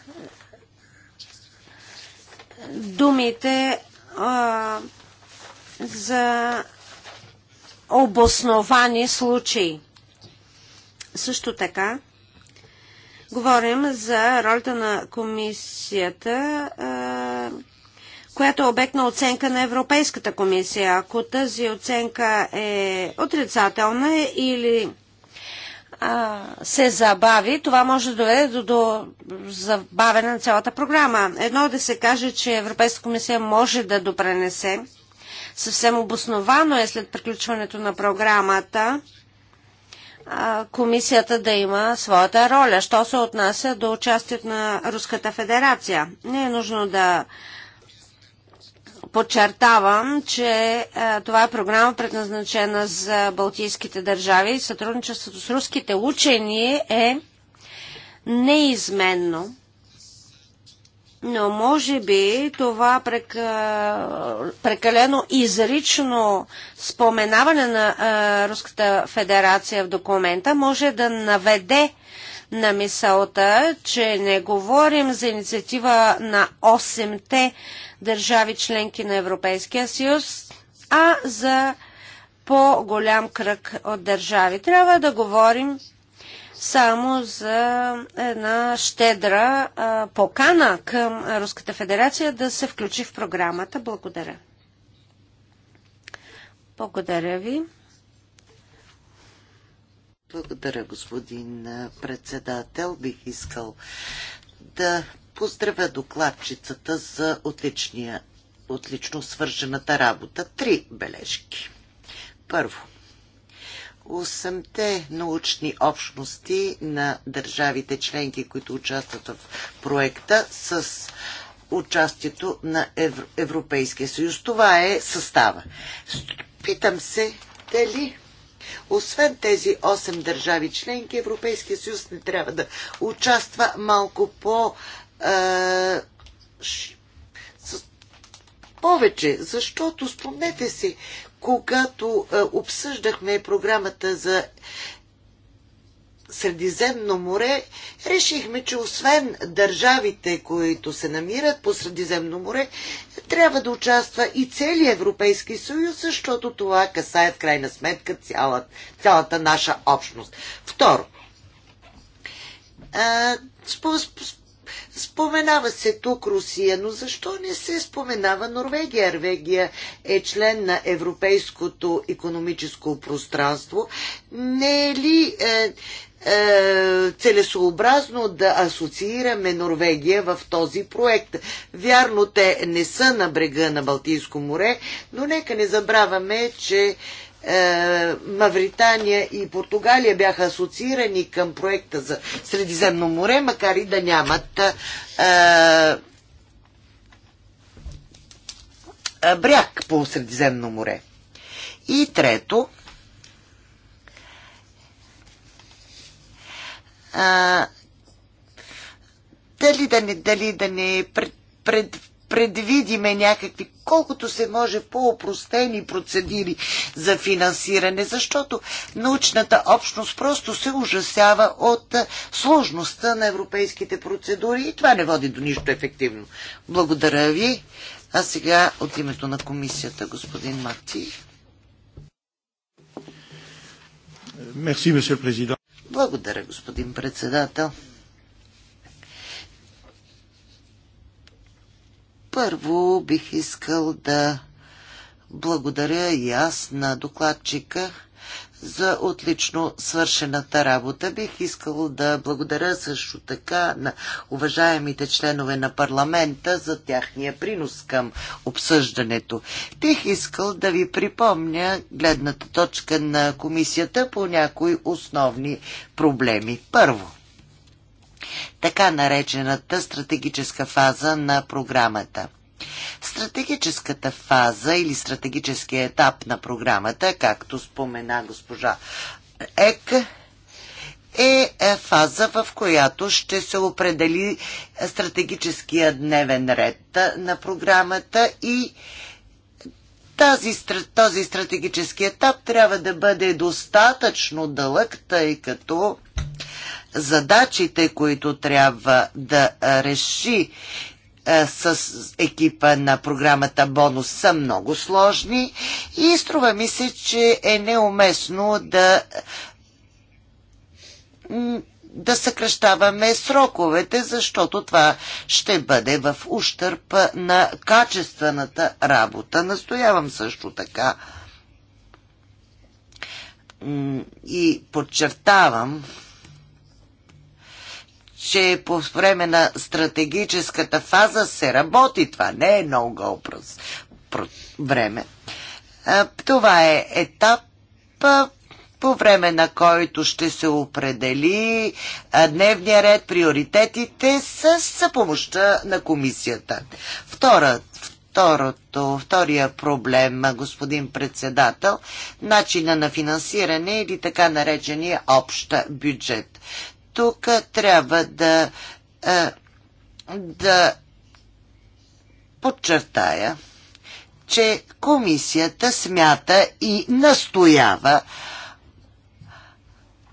[SPEAKER 1] думите а, за обосновани случаи. Също така, Говорим за ролята на комисията, която е обект на оценка на Европейската комисия. Ако тази оценка е отрицателна или се забави, това може да доведе до, до забавяне на цялата програма. Едно е да се каже, че Европейската комисия може да допренесе. Съвсем обосновано е след приключването на програмата комисията да има своята роля, що се отнася до участието на Руската федерация. Не е нужно да подчертавам, че това е програма предназначена за балтийските държави и сътрудничеството с руските учени е неизменно но може би това прекалено изрично споменаване на Руската федерация в документа може да наведе на мисълта, че не говорим за инициатива на 8-те държави членки на Европейския съюз, а за по-голям кръг от държави. Трябва да говорим само за една щедра покана към Руската федерация да се включи в програмата. Благодаря. Благодаря ви.
[SPEAKER 3] Благодаря, господин председател. Бих искал да поздравя докладчицата за отличния, отлично свържената работа. Три бележки. Първо, осъмте научни общности на държавите членки, които участват в проекта с участието на Европейския съюз. Това е състава. Питам се дали освен тези 8 държави членки, Европейския съюз не трябва да участва малко по е, повече, защото спомнете си, когато е, обсъждахме програмата за Средиземно море, решихме, че освен държавите, които се намират по Средиземно море, трябва да участва и целият Европейски съюз, защото това касае в крайна сметка цялата, цялата наша общност. Второ, а, е, Споменава се тук Русия, но защо не се споменава Норвегия? Норвегия е член на Европейското економическо пространство. Не е ли е, е, целесообразно да асоциираме Норвегия в този проект? Вярно, те не са на брега на Балтийско море, но нека не забравяме, че е, Мавритания и Португалия бяха асоциирани към проекта за Средиземно море, макар и да нямат е, е, бряг по Средиземно море. И трето, а, дали да не, дали да не пред, пред, предвидиме някакви колкото се може по-опростени процедури за финансиране, защото научната общност просто се ужасява от е, сложността на европейските процедури и това не води до нищо ефективно. Благодаря ви. А сега от името на комисията господин Марти. Благодаря, господин председател. Първо бих искал да благодаря и аз на докладчика за отлично свършената работа. Бих искал да благодаря също така на уважаемите членове на парламента за тяхния принос към обсъждането. Бих искал да ви припомня гледната точка на комисията по някои основни проблеми. Първо, така наречената стратегическа фаза на програмата. Стратегическата фаза или стратегическия етап на програмата, както спомена госпожа Ек, е, е фаза, в която ще се определи стратегическия дневен ред на програмата и тази, този стратегически етап трябва да бъде достатъчно дълъг, тъй като задачите, които трябва да реши с екипа на програмата Бонус са много сложни и струва ми се, че е неуместно да да съкръщаваме сроковете, защото това ще бъде в ущърп на качествената работа. Настоявам също така и подчертавам, че по време на стратегическата фаза се работи. Това не е много въпрос време. Това е етап по време на който ще се определи дневния ред, приоритетите с, с помощта на комисията. Втора, второто, втория проблем, господин председател, начина на финансиране или така наречения общ бюджет тук трябва да, е, да подчертая, че комисията смята и настоява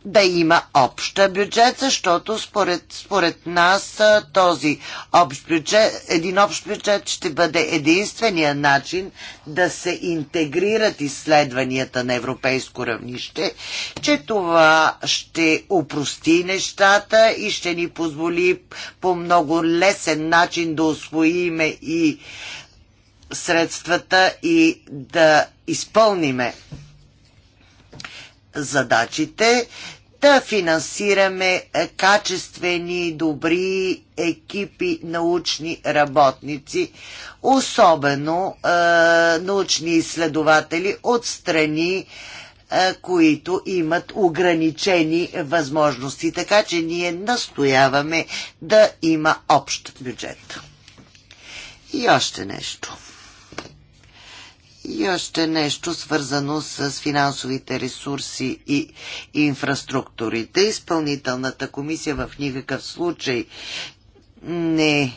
[SPEAKER 3] да има обща бюджет, защото според, според нас този общ бюджет, един общ бюджет ще бъде единствения начин да се интегрират изследванията на европейско равнище, че това ще упрости нещата и ще ни позволи по много лесен начин да освоиме и средствата и да изпълниме задачите да финансираме е, качествени, добри екипи научни работници, особено е, научни изследователи от страни, е, които имат ограничени възможности. Така че ние настояваме да има общ бюджет. И още нещо – и още нещо свързано с финансовите ресурси и инфраструктурите. Изпълнителната комисия в никакъв случай не,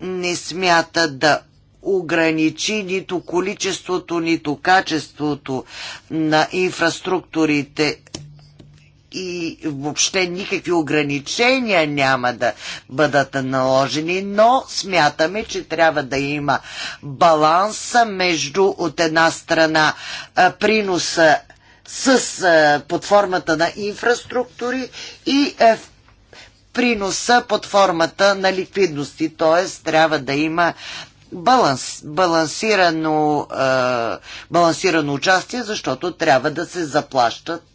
[SPEAKER 3] не смята да ограничи нито количеството, нито качеството на инфраструктурите и въобще никакви ограничения няма да бъдат наложени, но смятаме, че трябва да има баланса между от една страна приноса с под формата на инфраструктури и приноса под формата на ликвидности, т.е. трябва да има баланс, балансирано, балансирано участие, защото трябва да се заплащат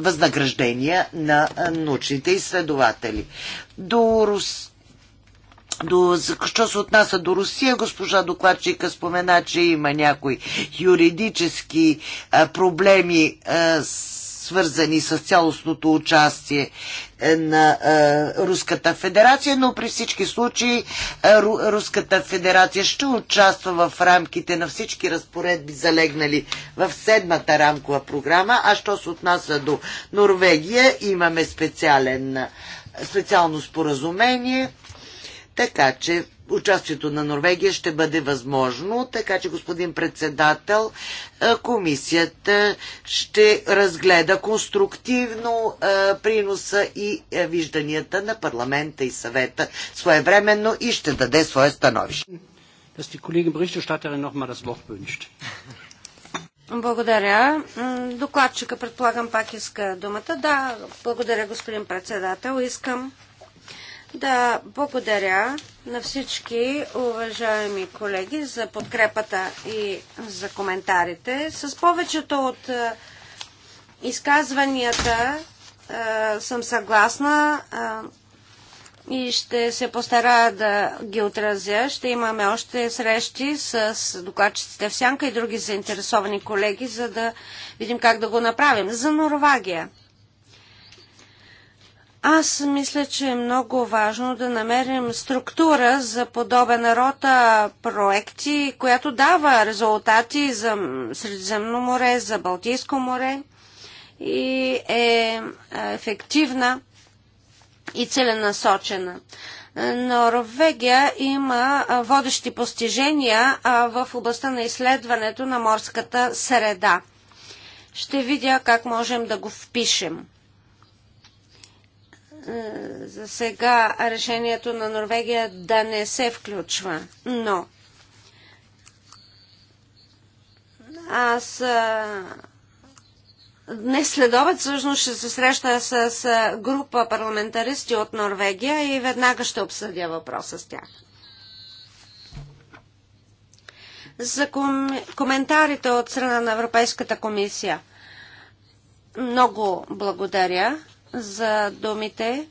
[SPEAKER 3] възнаграждения на научните изследователи. До Рус... До, що се отнася до Русия, госпожа докладчика спомена, че има някои юридически а, проблеми а, свързани с цялостното участие на е, Руската федерация, но при всички случаи е, Руската федерация ще участва в рамките на всички разпоредби, залегнали в седмата рамкова програма. А що се отнася до Норвегия, имаме специален, специално споразумение, така че участието на Норвегия ще бъде възможно, така че господин председател, комисията ще разгледа конструктивно приноса и вижданията на парламента и съвета своевременно и ще даде свое становище.
[SPEAKER 1] Благодаря. Докладчика, предполагам, пак иска думата. Да, благодаря, господин председател. Искам да благодаря на всички уважаеми колеги за подкрепата и за коментарите. С повечето от е, изказванията е, съм съгласна е, и ще се постарая да ги отразя. Ще имаме още срещи с докладчиците в Сянка и други заинтересовани колеги, за да видим как да го направим. За Норвагия. Аз мисля, че е много важно да намерим структура за подобен род проекти, която дава резултати за Средиземно море, за Балтийско море и е ефективна и целенасочена. Норвегия има водещи постижения в областта на изследването на морската среда. Ще видя как можем да го впишем. Е, за сега решението на Норвегия да не се включва. Но аз е, днес следобед всъщност ще се среща с група парламентаристи от Норвегия и веднага ще обсъдя въпроса с тях. За ком... коментарите от страна на Европейската комисия. Много благодаря за думите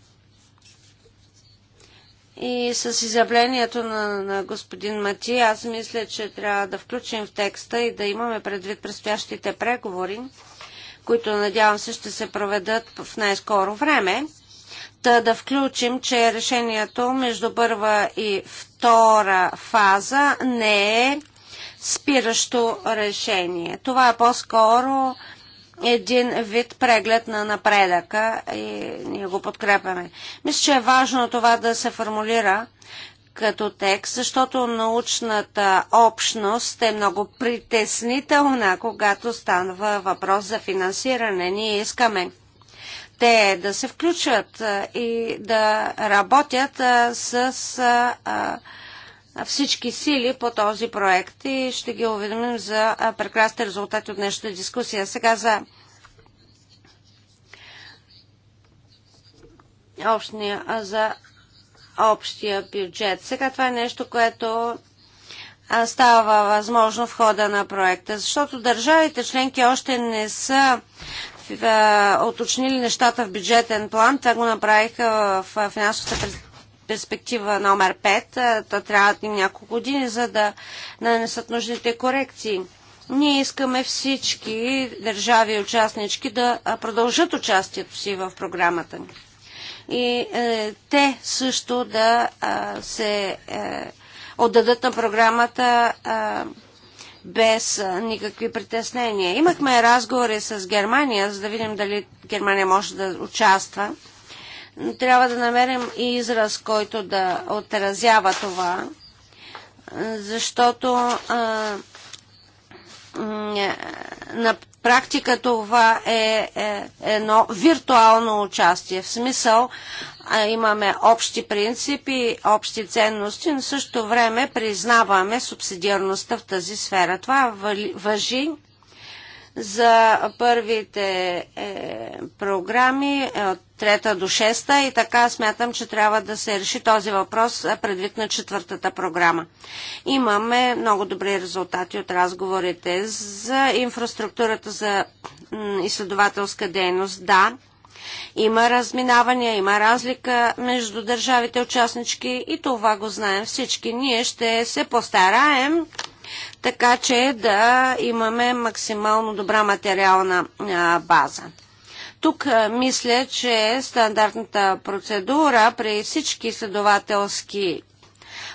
[SPEAKER 1] и с изявлението на, на господин Мати, аз мисля, че трябва да включим в текста и да имаме предвид предстоящите преговори, които надявам се ще се проведат в най-скоро време, та да включим, че решението между първа и втора фаза не е спиращо решение. Това е по-скоро един вид преглед на напредъка и ние го подкрепяме. Мисля, че е важно това да се формулира като текст, защото научната общност е много притеснителна, когато станва въпрос за финансиране. Ние искаме те да се включат и да работят с всички сили по този проект и ще ги уведомим за прекрасните резултати от днешната дискусия. Сега за общния, за общия бюджет. Сега това е нещо, което става възможно в хода на проекта, защото държавите членки още не са уточнили нещата в бюджетен план. Това го направиха в финансовата перспектива номер 5, та трябва да им няколко години, за да нанесат нужните корекции. Ние искаме всички държави и участнички да продължат участието си в програмата ни. И е, те също да е, се е, отдадат на програмата е, без никакви притеснения. Имахме разговори с Германия, за да видим дали Германия може да участва трябва да намерим и израз, който да отразява това, защото а, е, на практика това е, е, едно виртуално участие. В смисъл имаме общи принципи, общи ценности, но също време признаваме субсидиарността в тази сфера. Това въжи за първите е, програми е, от трета до шеста и така смятам, че трябва да се реши този въпрос е, предвид на четвъртата програма. Имаме много добри резултати от разговорите за инфраструктурата за изследователска дейност. Да, има разминавания, има разлика между държавите участнички и това го знаем всички. Ние ще се постараем така че да имаме максимално добра материална база. Тук мисля, че стандартната процедура при всички следователски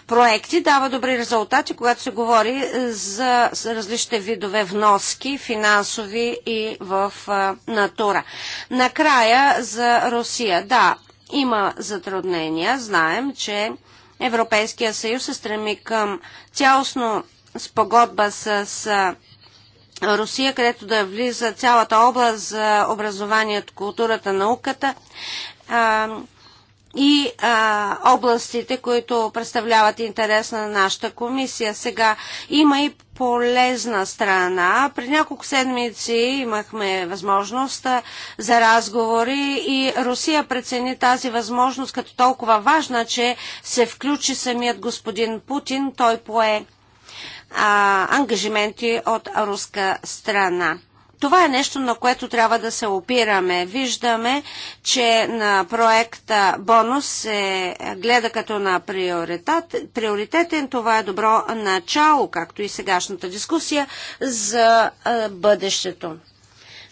[SPEAKER 1] проекти дава добри резултати, когато се говори за различните видове вноски, финансови и в натура. Накрая за Русия. Да, има затруднения. Знаем, че Европейския съюз се стреми към цялостно спогодба с Русия, където да влиза цялата област за образованието, културата, науката и а, областите, които представляват интерес на нашата комисия. Сега има и полезна страна. При няколко седмици имахме възможност за разговори и Русия прецени тази възможност като толкова важна, че се включи самият господин Путин. Той пое а, ангажименти от руска страна. Това е нещо, на което трябва да се опираме. Виждаме, че на проекта бонус се гледа като на приоритет. приоритетен. Това е добро начало, както и сегашната дискусия за бъдещето.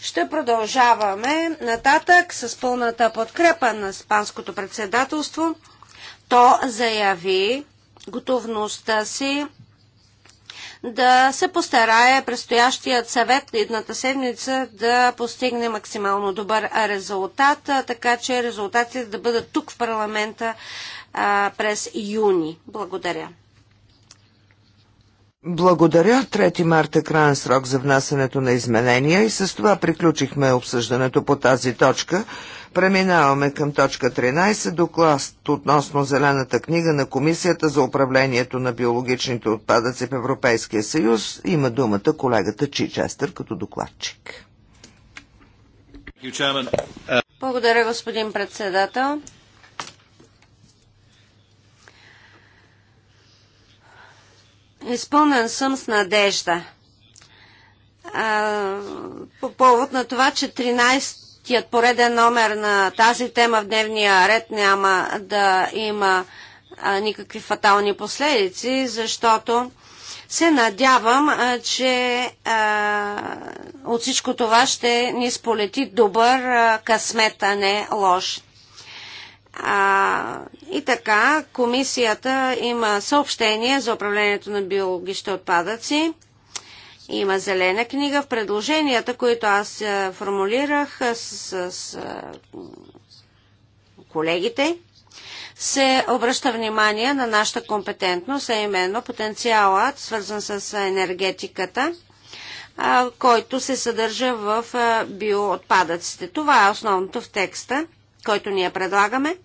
[SPEAKER 1] Ще продължаваме нататък с пълната подкрепа на Спанското председателство. То заяви готовността си да се постарае предстоящият съвет едната седмица да постигне максимално добър резултат, така че резултатите да бъдат тук в парламента а, през юни. Благодаря.
[SPEAKER 2] Благодаря. 3 марта е крайен срок за внасянето на изменения и с това приключихме обсъждането по тази точка. Преминаваме към точка 13, доклад относно Зелената книга на Комисията за управлението на биологичните отпадъци в Европейския съюз. Има думата колегата Чичестър като докладчик.
[SPEAKER 1] Благодаря, господин председател. Изпълнен съм с надежда. А, по повод на това, че 13 тият пореден номер на тази тема в дневния ред няма да има а, никакви фатални последици, защото се надявам, а, че а, от всичко това ще ни сполети добър а, късмет, а не лош. А, и така, комисията има съобщение за управлението на биологичните отпадъци. Има зелена книга в предложенията, които аз е, формулирах е, с, с е, колегите се обръща внимание на нашата компетентност, а именно потенциалът, свързан с енергетиката, който се съдържа в биоотпадъците. Това е основното в текста, който ние предлагаме.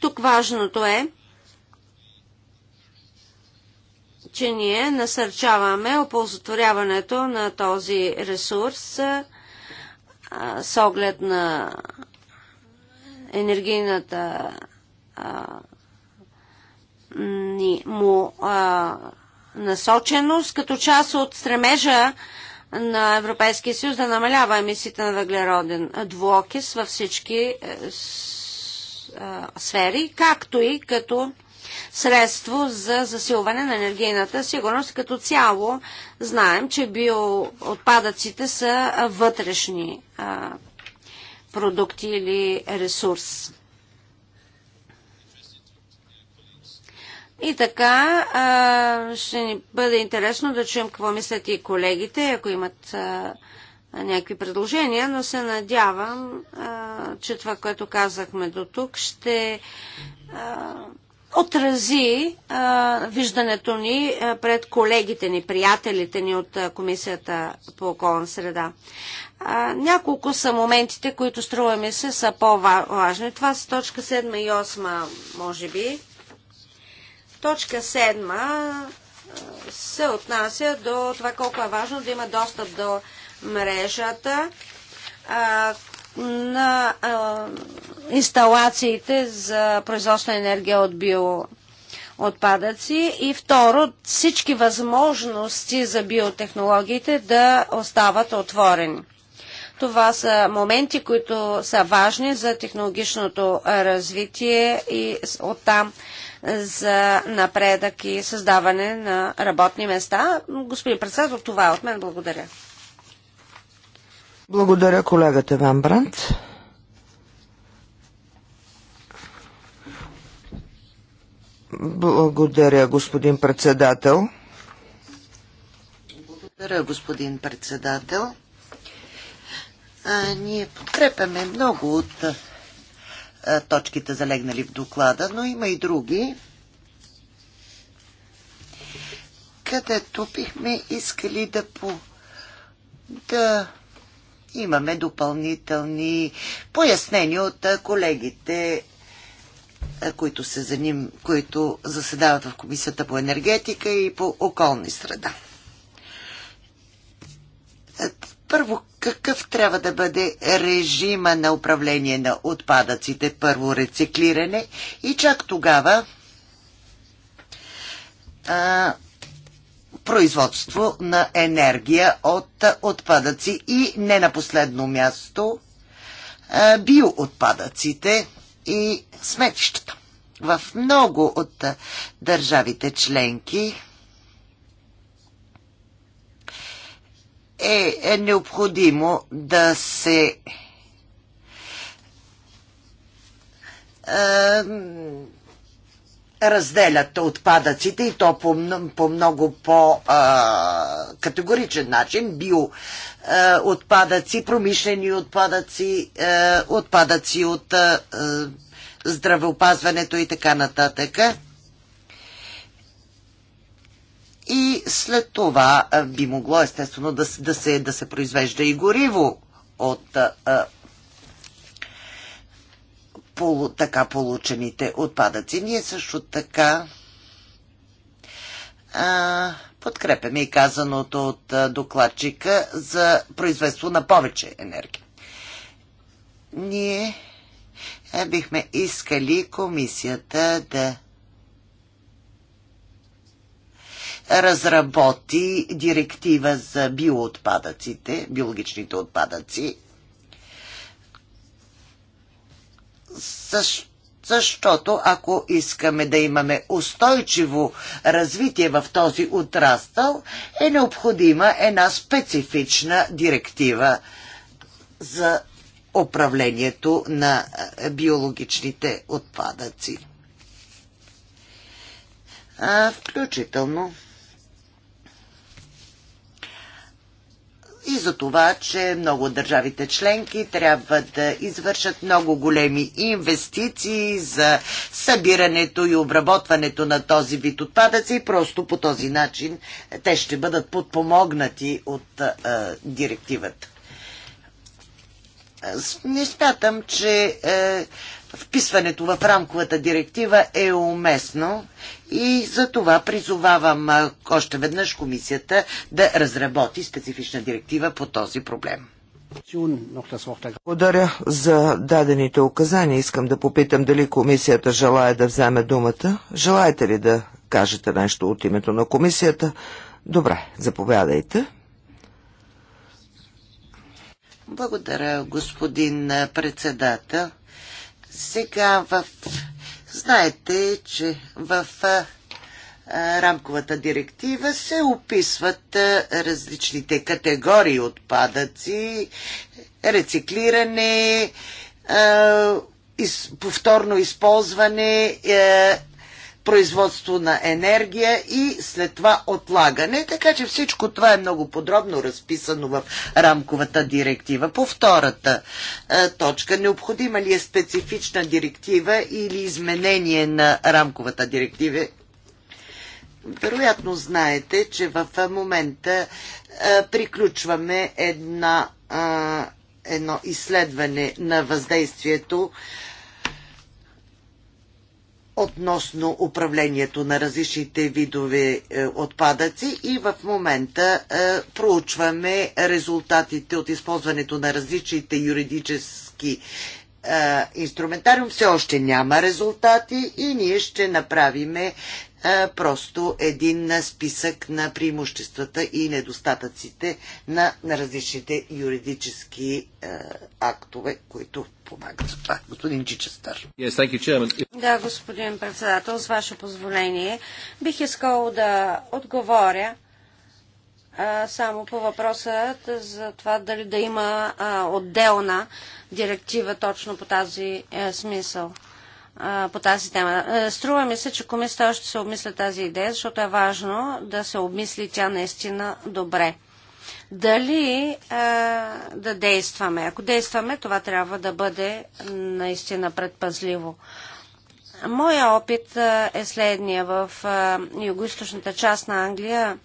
[SPEAKER 1] Тук важното е че ние насърчаваме оползотворяването на този ресурс а, с оглед на енергийната а, му а, насоченост, като част от стремежа на Европейския съюз да намалява емисиите на въглероден двуокис във всички е, сфери, както и като средство за засилване на енергийната сигурност. Като цяло знаем, че биоотпадъците са вътрешни продукти или ресурс. И така, ще ни бъде интересно да чуем какво мислят и колегите, ако имат някакви предложения, но се надявам, че това, което казахме до тук, ще отрази а, виждането ни а, пред колегите ни, приятелите ни от а, Комисията по околна среда. А, няколко са моментите, които струва ми се са по-важни. Това са точка 7 и 8, може би. Точка 7 се отнася до това колко е важно да има достъп до мрежата, на а, инсталациите за производство на енергия от биоотпадъци и второ, всички възможности за биотехнологиите да остават отворени. Това са моменти, които са важни за технологичното развитие и оттам за напредък и създаване на работни места. Господин председател, това е от мен. Благодаря.
[SPEAKER 2] Благодаря колегата Ван Брандт. Благодаря, господин председател.
[SPEAKER 3] Благодаря, господин председател. А, ние подкрепяме много от а, точките залегнали в доклада, но има и други, където бихме искали да, по, да имаме допълнителни пояснения от колегите, които, се заним, които заседават в Комисията по енергетика и по околни среда. Първо, какъв трябва да бъде режима на управление на отпадъците? Първо, рециклиране и чак тогава а, производство на енергия от отпадъци и не на последно място е, биоотпадъците и сметищата. В много от държавите членки е, е необходимо да се е, разделят отпадъците и то по, по много по-категоричен начин. Био а, отпадъци, промишлени отпадъци, а, отпадъци от а, здравеопазването и така нататък. И след това би могло естествено да, да, се, да се произвежда и гориво от а, полу, така получените отпадъци. Ние също така а, подкрепяме и казаното от докладчика за производство на повече енергия. Ние а, бихме искали комисията да разработи директива за биоотпадъците, биологичните отпадъци защото ако искаме да имаме устойчиво развитие в този отрастъл, е необходима една специфична директива за управлението на биологичните отпадъци. А, включително и за това, че много от държавите членки трябва да извършат много големи инвестиции за събирането и обработването на този вид отпадъци и просто по този начин те ще бъдат подпомогнати от а, директивата. Аз не смятам, че е, вписването в рамковата директива е уместно и за това призовавам още веднъж комисията да разработи специфична директива по този проблем.
[SPEAKER 2] Благодаря за дадените указания. Искам да попитам дали комисията желая да вземе думата. Желаете ли да кажете нещо от името на комисията? Добре, заповядайте.
[SPEAKER 3] Благодаря, господин председател. Сега в Знаете, че в рамковата директива се описват различните категории отпадъци, рециклиране, повторно използване е, производство на енергия и след това отлагане. Така че всичко това е много подробно разписано в рамковата директива. По втората е, точка, необходима ли е специфична директива или изменение на рамковата директива? Вероятно знаете, че в момента е, приключваме една, е, едно изследване на въздействието е, относно управлението на различните видове е, отпадъци и в момента е, проучваме резултатите от използването на различните юридически е, инструментариум. Все още няма резултати и ние ще направиме просто един списък на преимуществата и недостатъците на, на различните юридически а, актове, които помагат за това. Господин Чичестър.
[SPEAKER 1] Yes, thank you, chairman. Да, господин председател, с ваше позволение, бих искал да отговоря само по въпроса за това дали да има отделна директива точно по тази е, смисъл по тази тема. Струва ми се, че комисията още се обмисля тази идея, защото е важно да се обмисли тя наистина добре. Дали а, да действаме? Ако действаме, това трябва да бъде наистина предпазливо. Моя опит а, е следния. В югоизточната част на Англия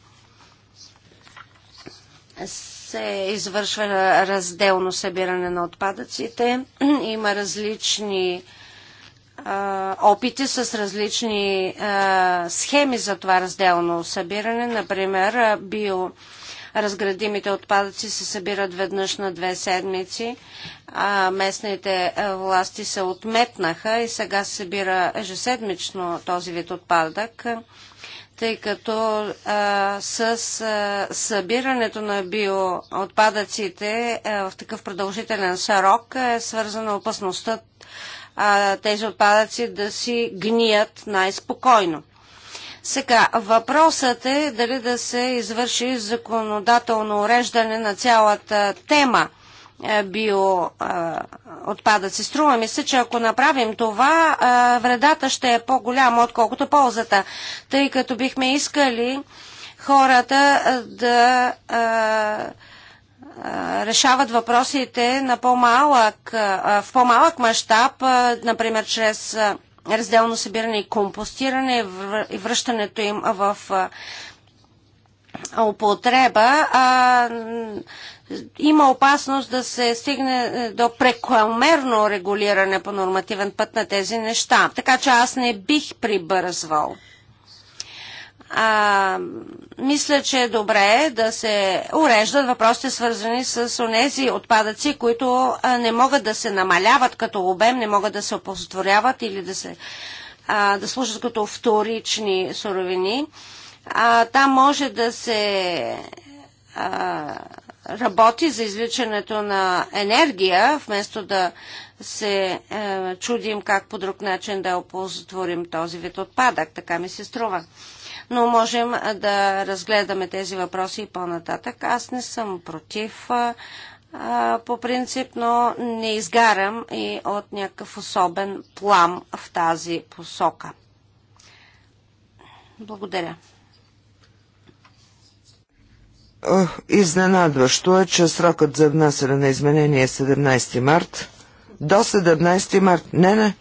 [SPEAKER 1] се извършва разделно събиране на отпадъците. Има различни а, опити с различни схеми за това разделно събиране. Например, био разградимите отпадъци се събират веднъж на две седмици. А местните власти се отметнаха и сега се събира ежеседмично този вид отпадък, тъй като а, с а, събирането на биоотпадъците а, в такъв продължителен срок е свързана опасността а, тези отпадъци да си гният най-спокойно. Сега, въпросът е дали да се извърши законодателно уреждане на цялата тема е, биоотпадъци. Е, Струва ми се, че ако направим това, е, вредата ще е по-голяма, отколкото ползата, тъй като бихме искали хората да а, решават въпросите на по-малък, в по-малък мащаб, например чрез разделно събиране и компостиране и връщането им в употреба, има опасност да се стигне е, до прекомерно регулиране по нормативен път на тези неща. Така че аз не бих прибързвал а, мисля, че е добре да се уреждат въпросите свързани с онези отпадъци, които а, не могат да се намаляват като обем, не могат да се опозотворяват или да, се, а, да служат като вторични суровини. А, там може да се а, работи за извличането на енергия, вместо да се е, чудим как по друг начин да опозотворим този вид отпадък. Така ми се струва но можем да разгледаме тези въпроси и по-нататък. Аз не съм против по принцип, но не изгарам и от някакъв особен плам в тази посока. Благодаря.
[SPEAKER 2] Изненадващо е, че срокът за внасяне на изменение е 17 март. До 17 март. Не, не.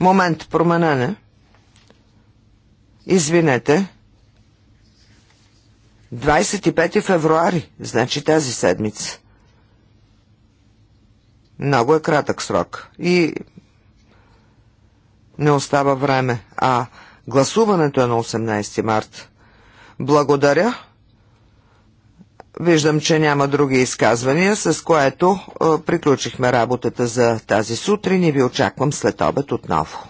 [SPEAKER 2] Момент, променене. Извинете. 25 февруари, значи тази седмица. Много е кратък срок и не остава време, а гласуването е на 18 март. Благодаря. Виждам, че няма други изказвания, с което е, приключихме работата за тази сутрин и ви очаквам след обед отново.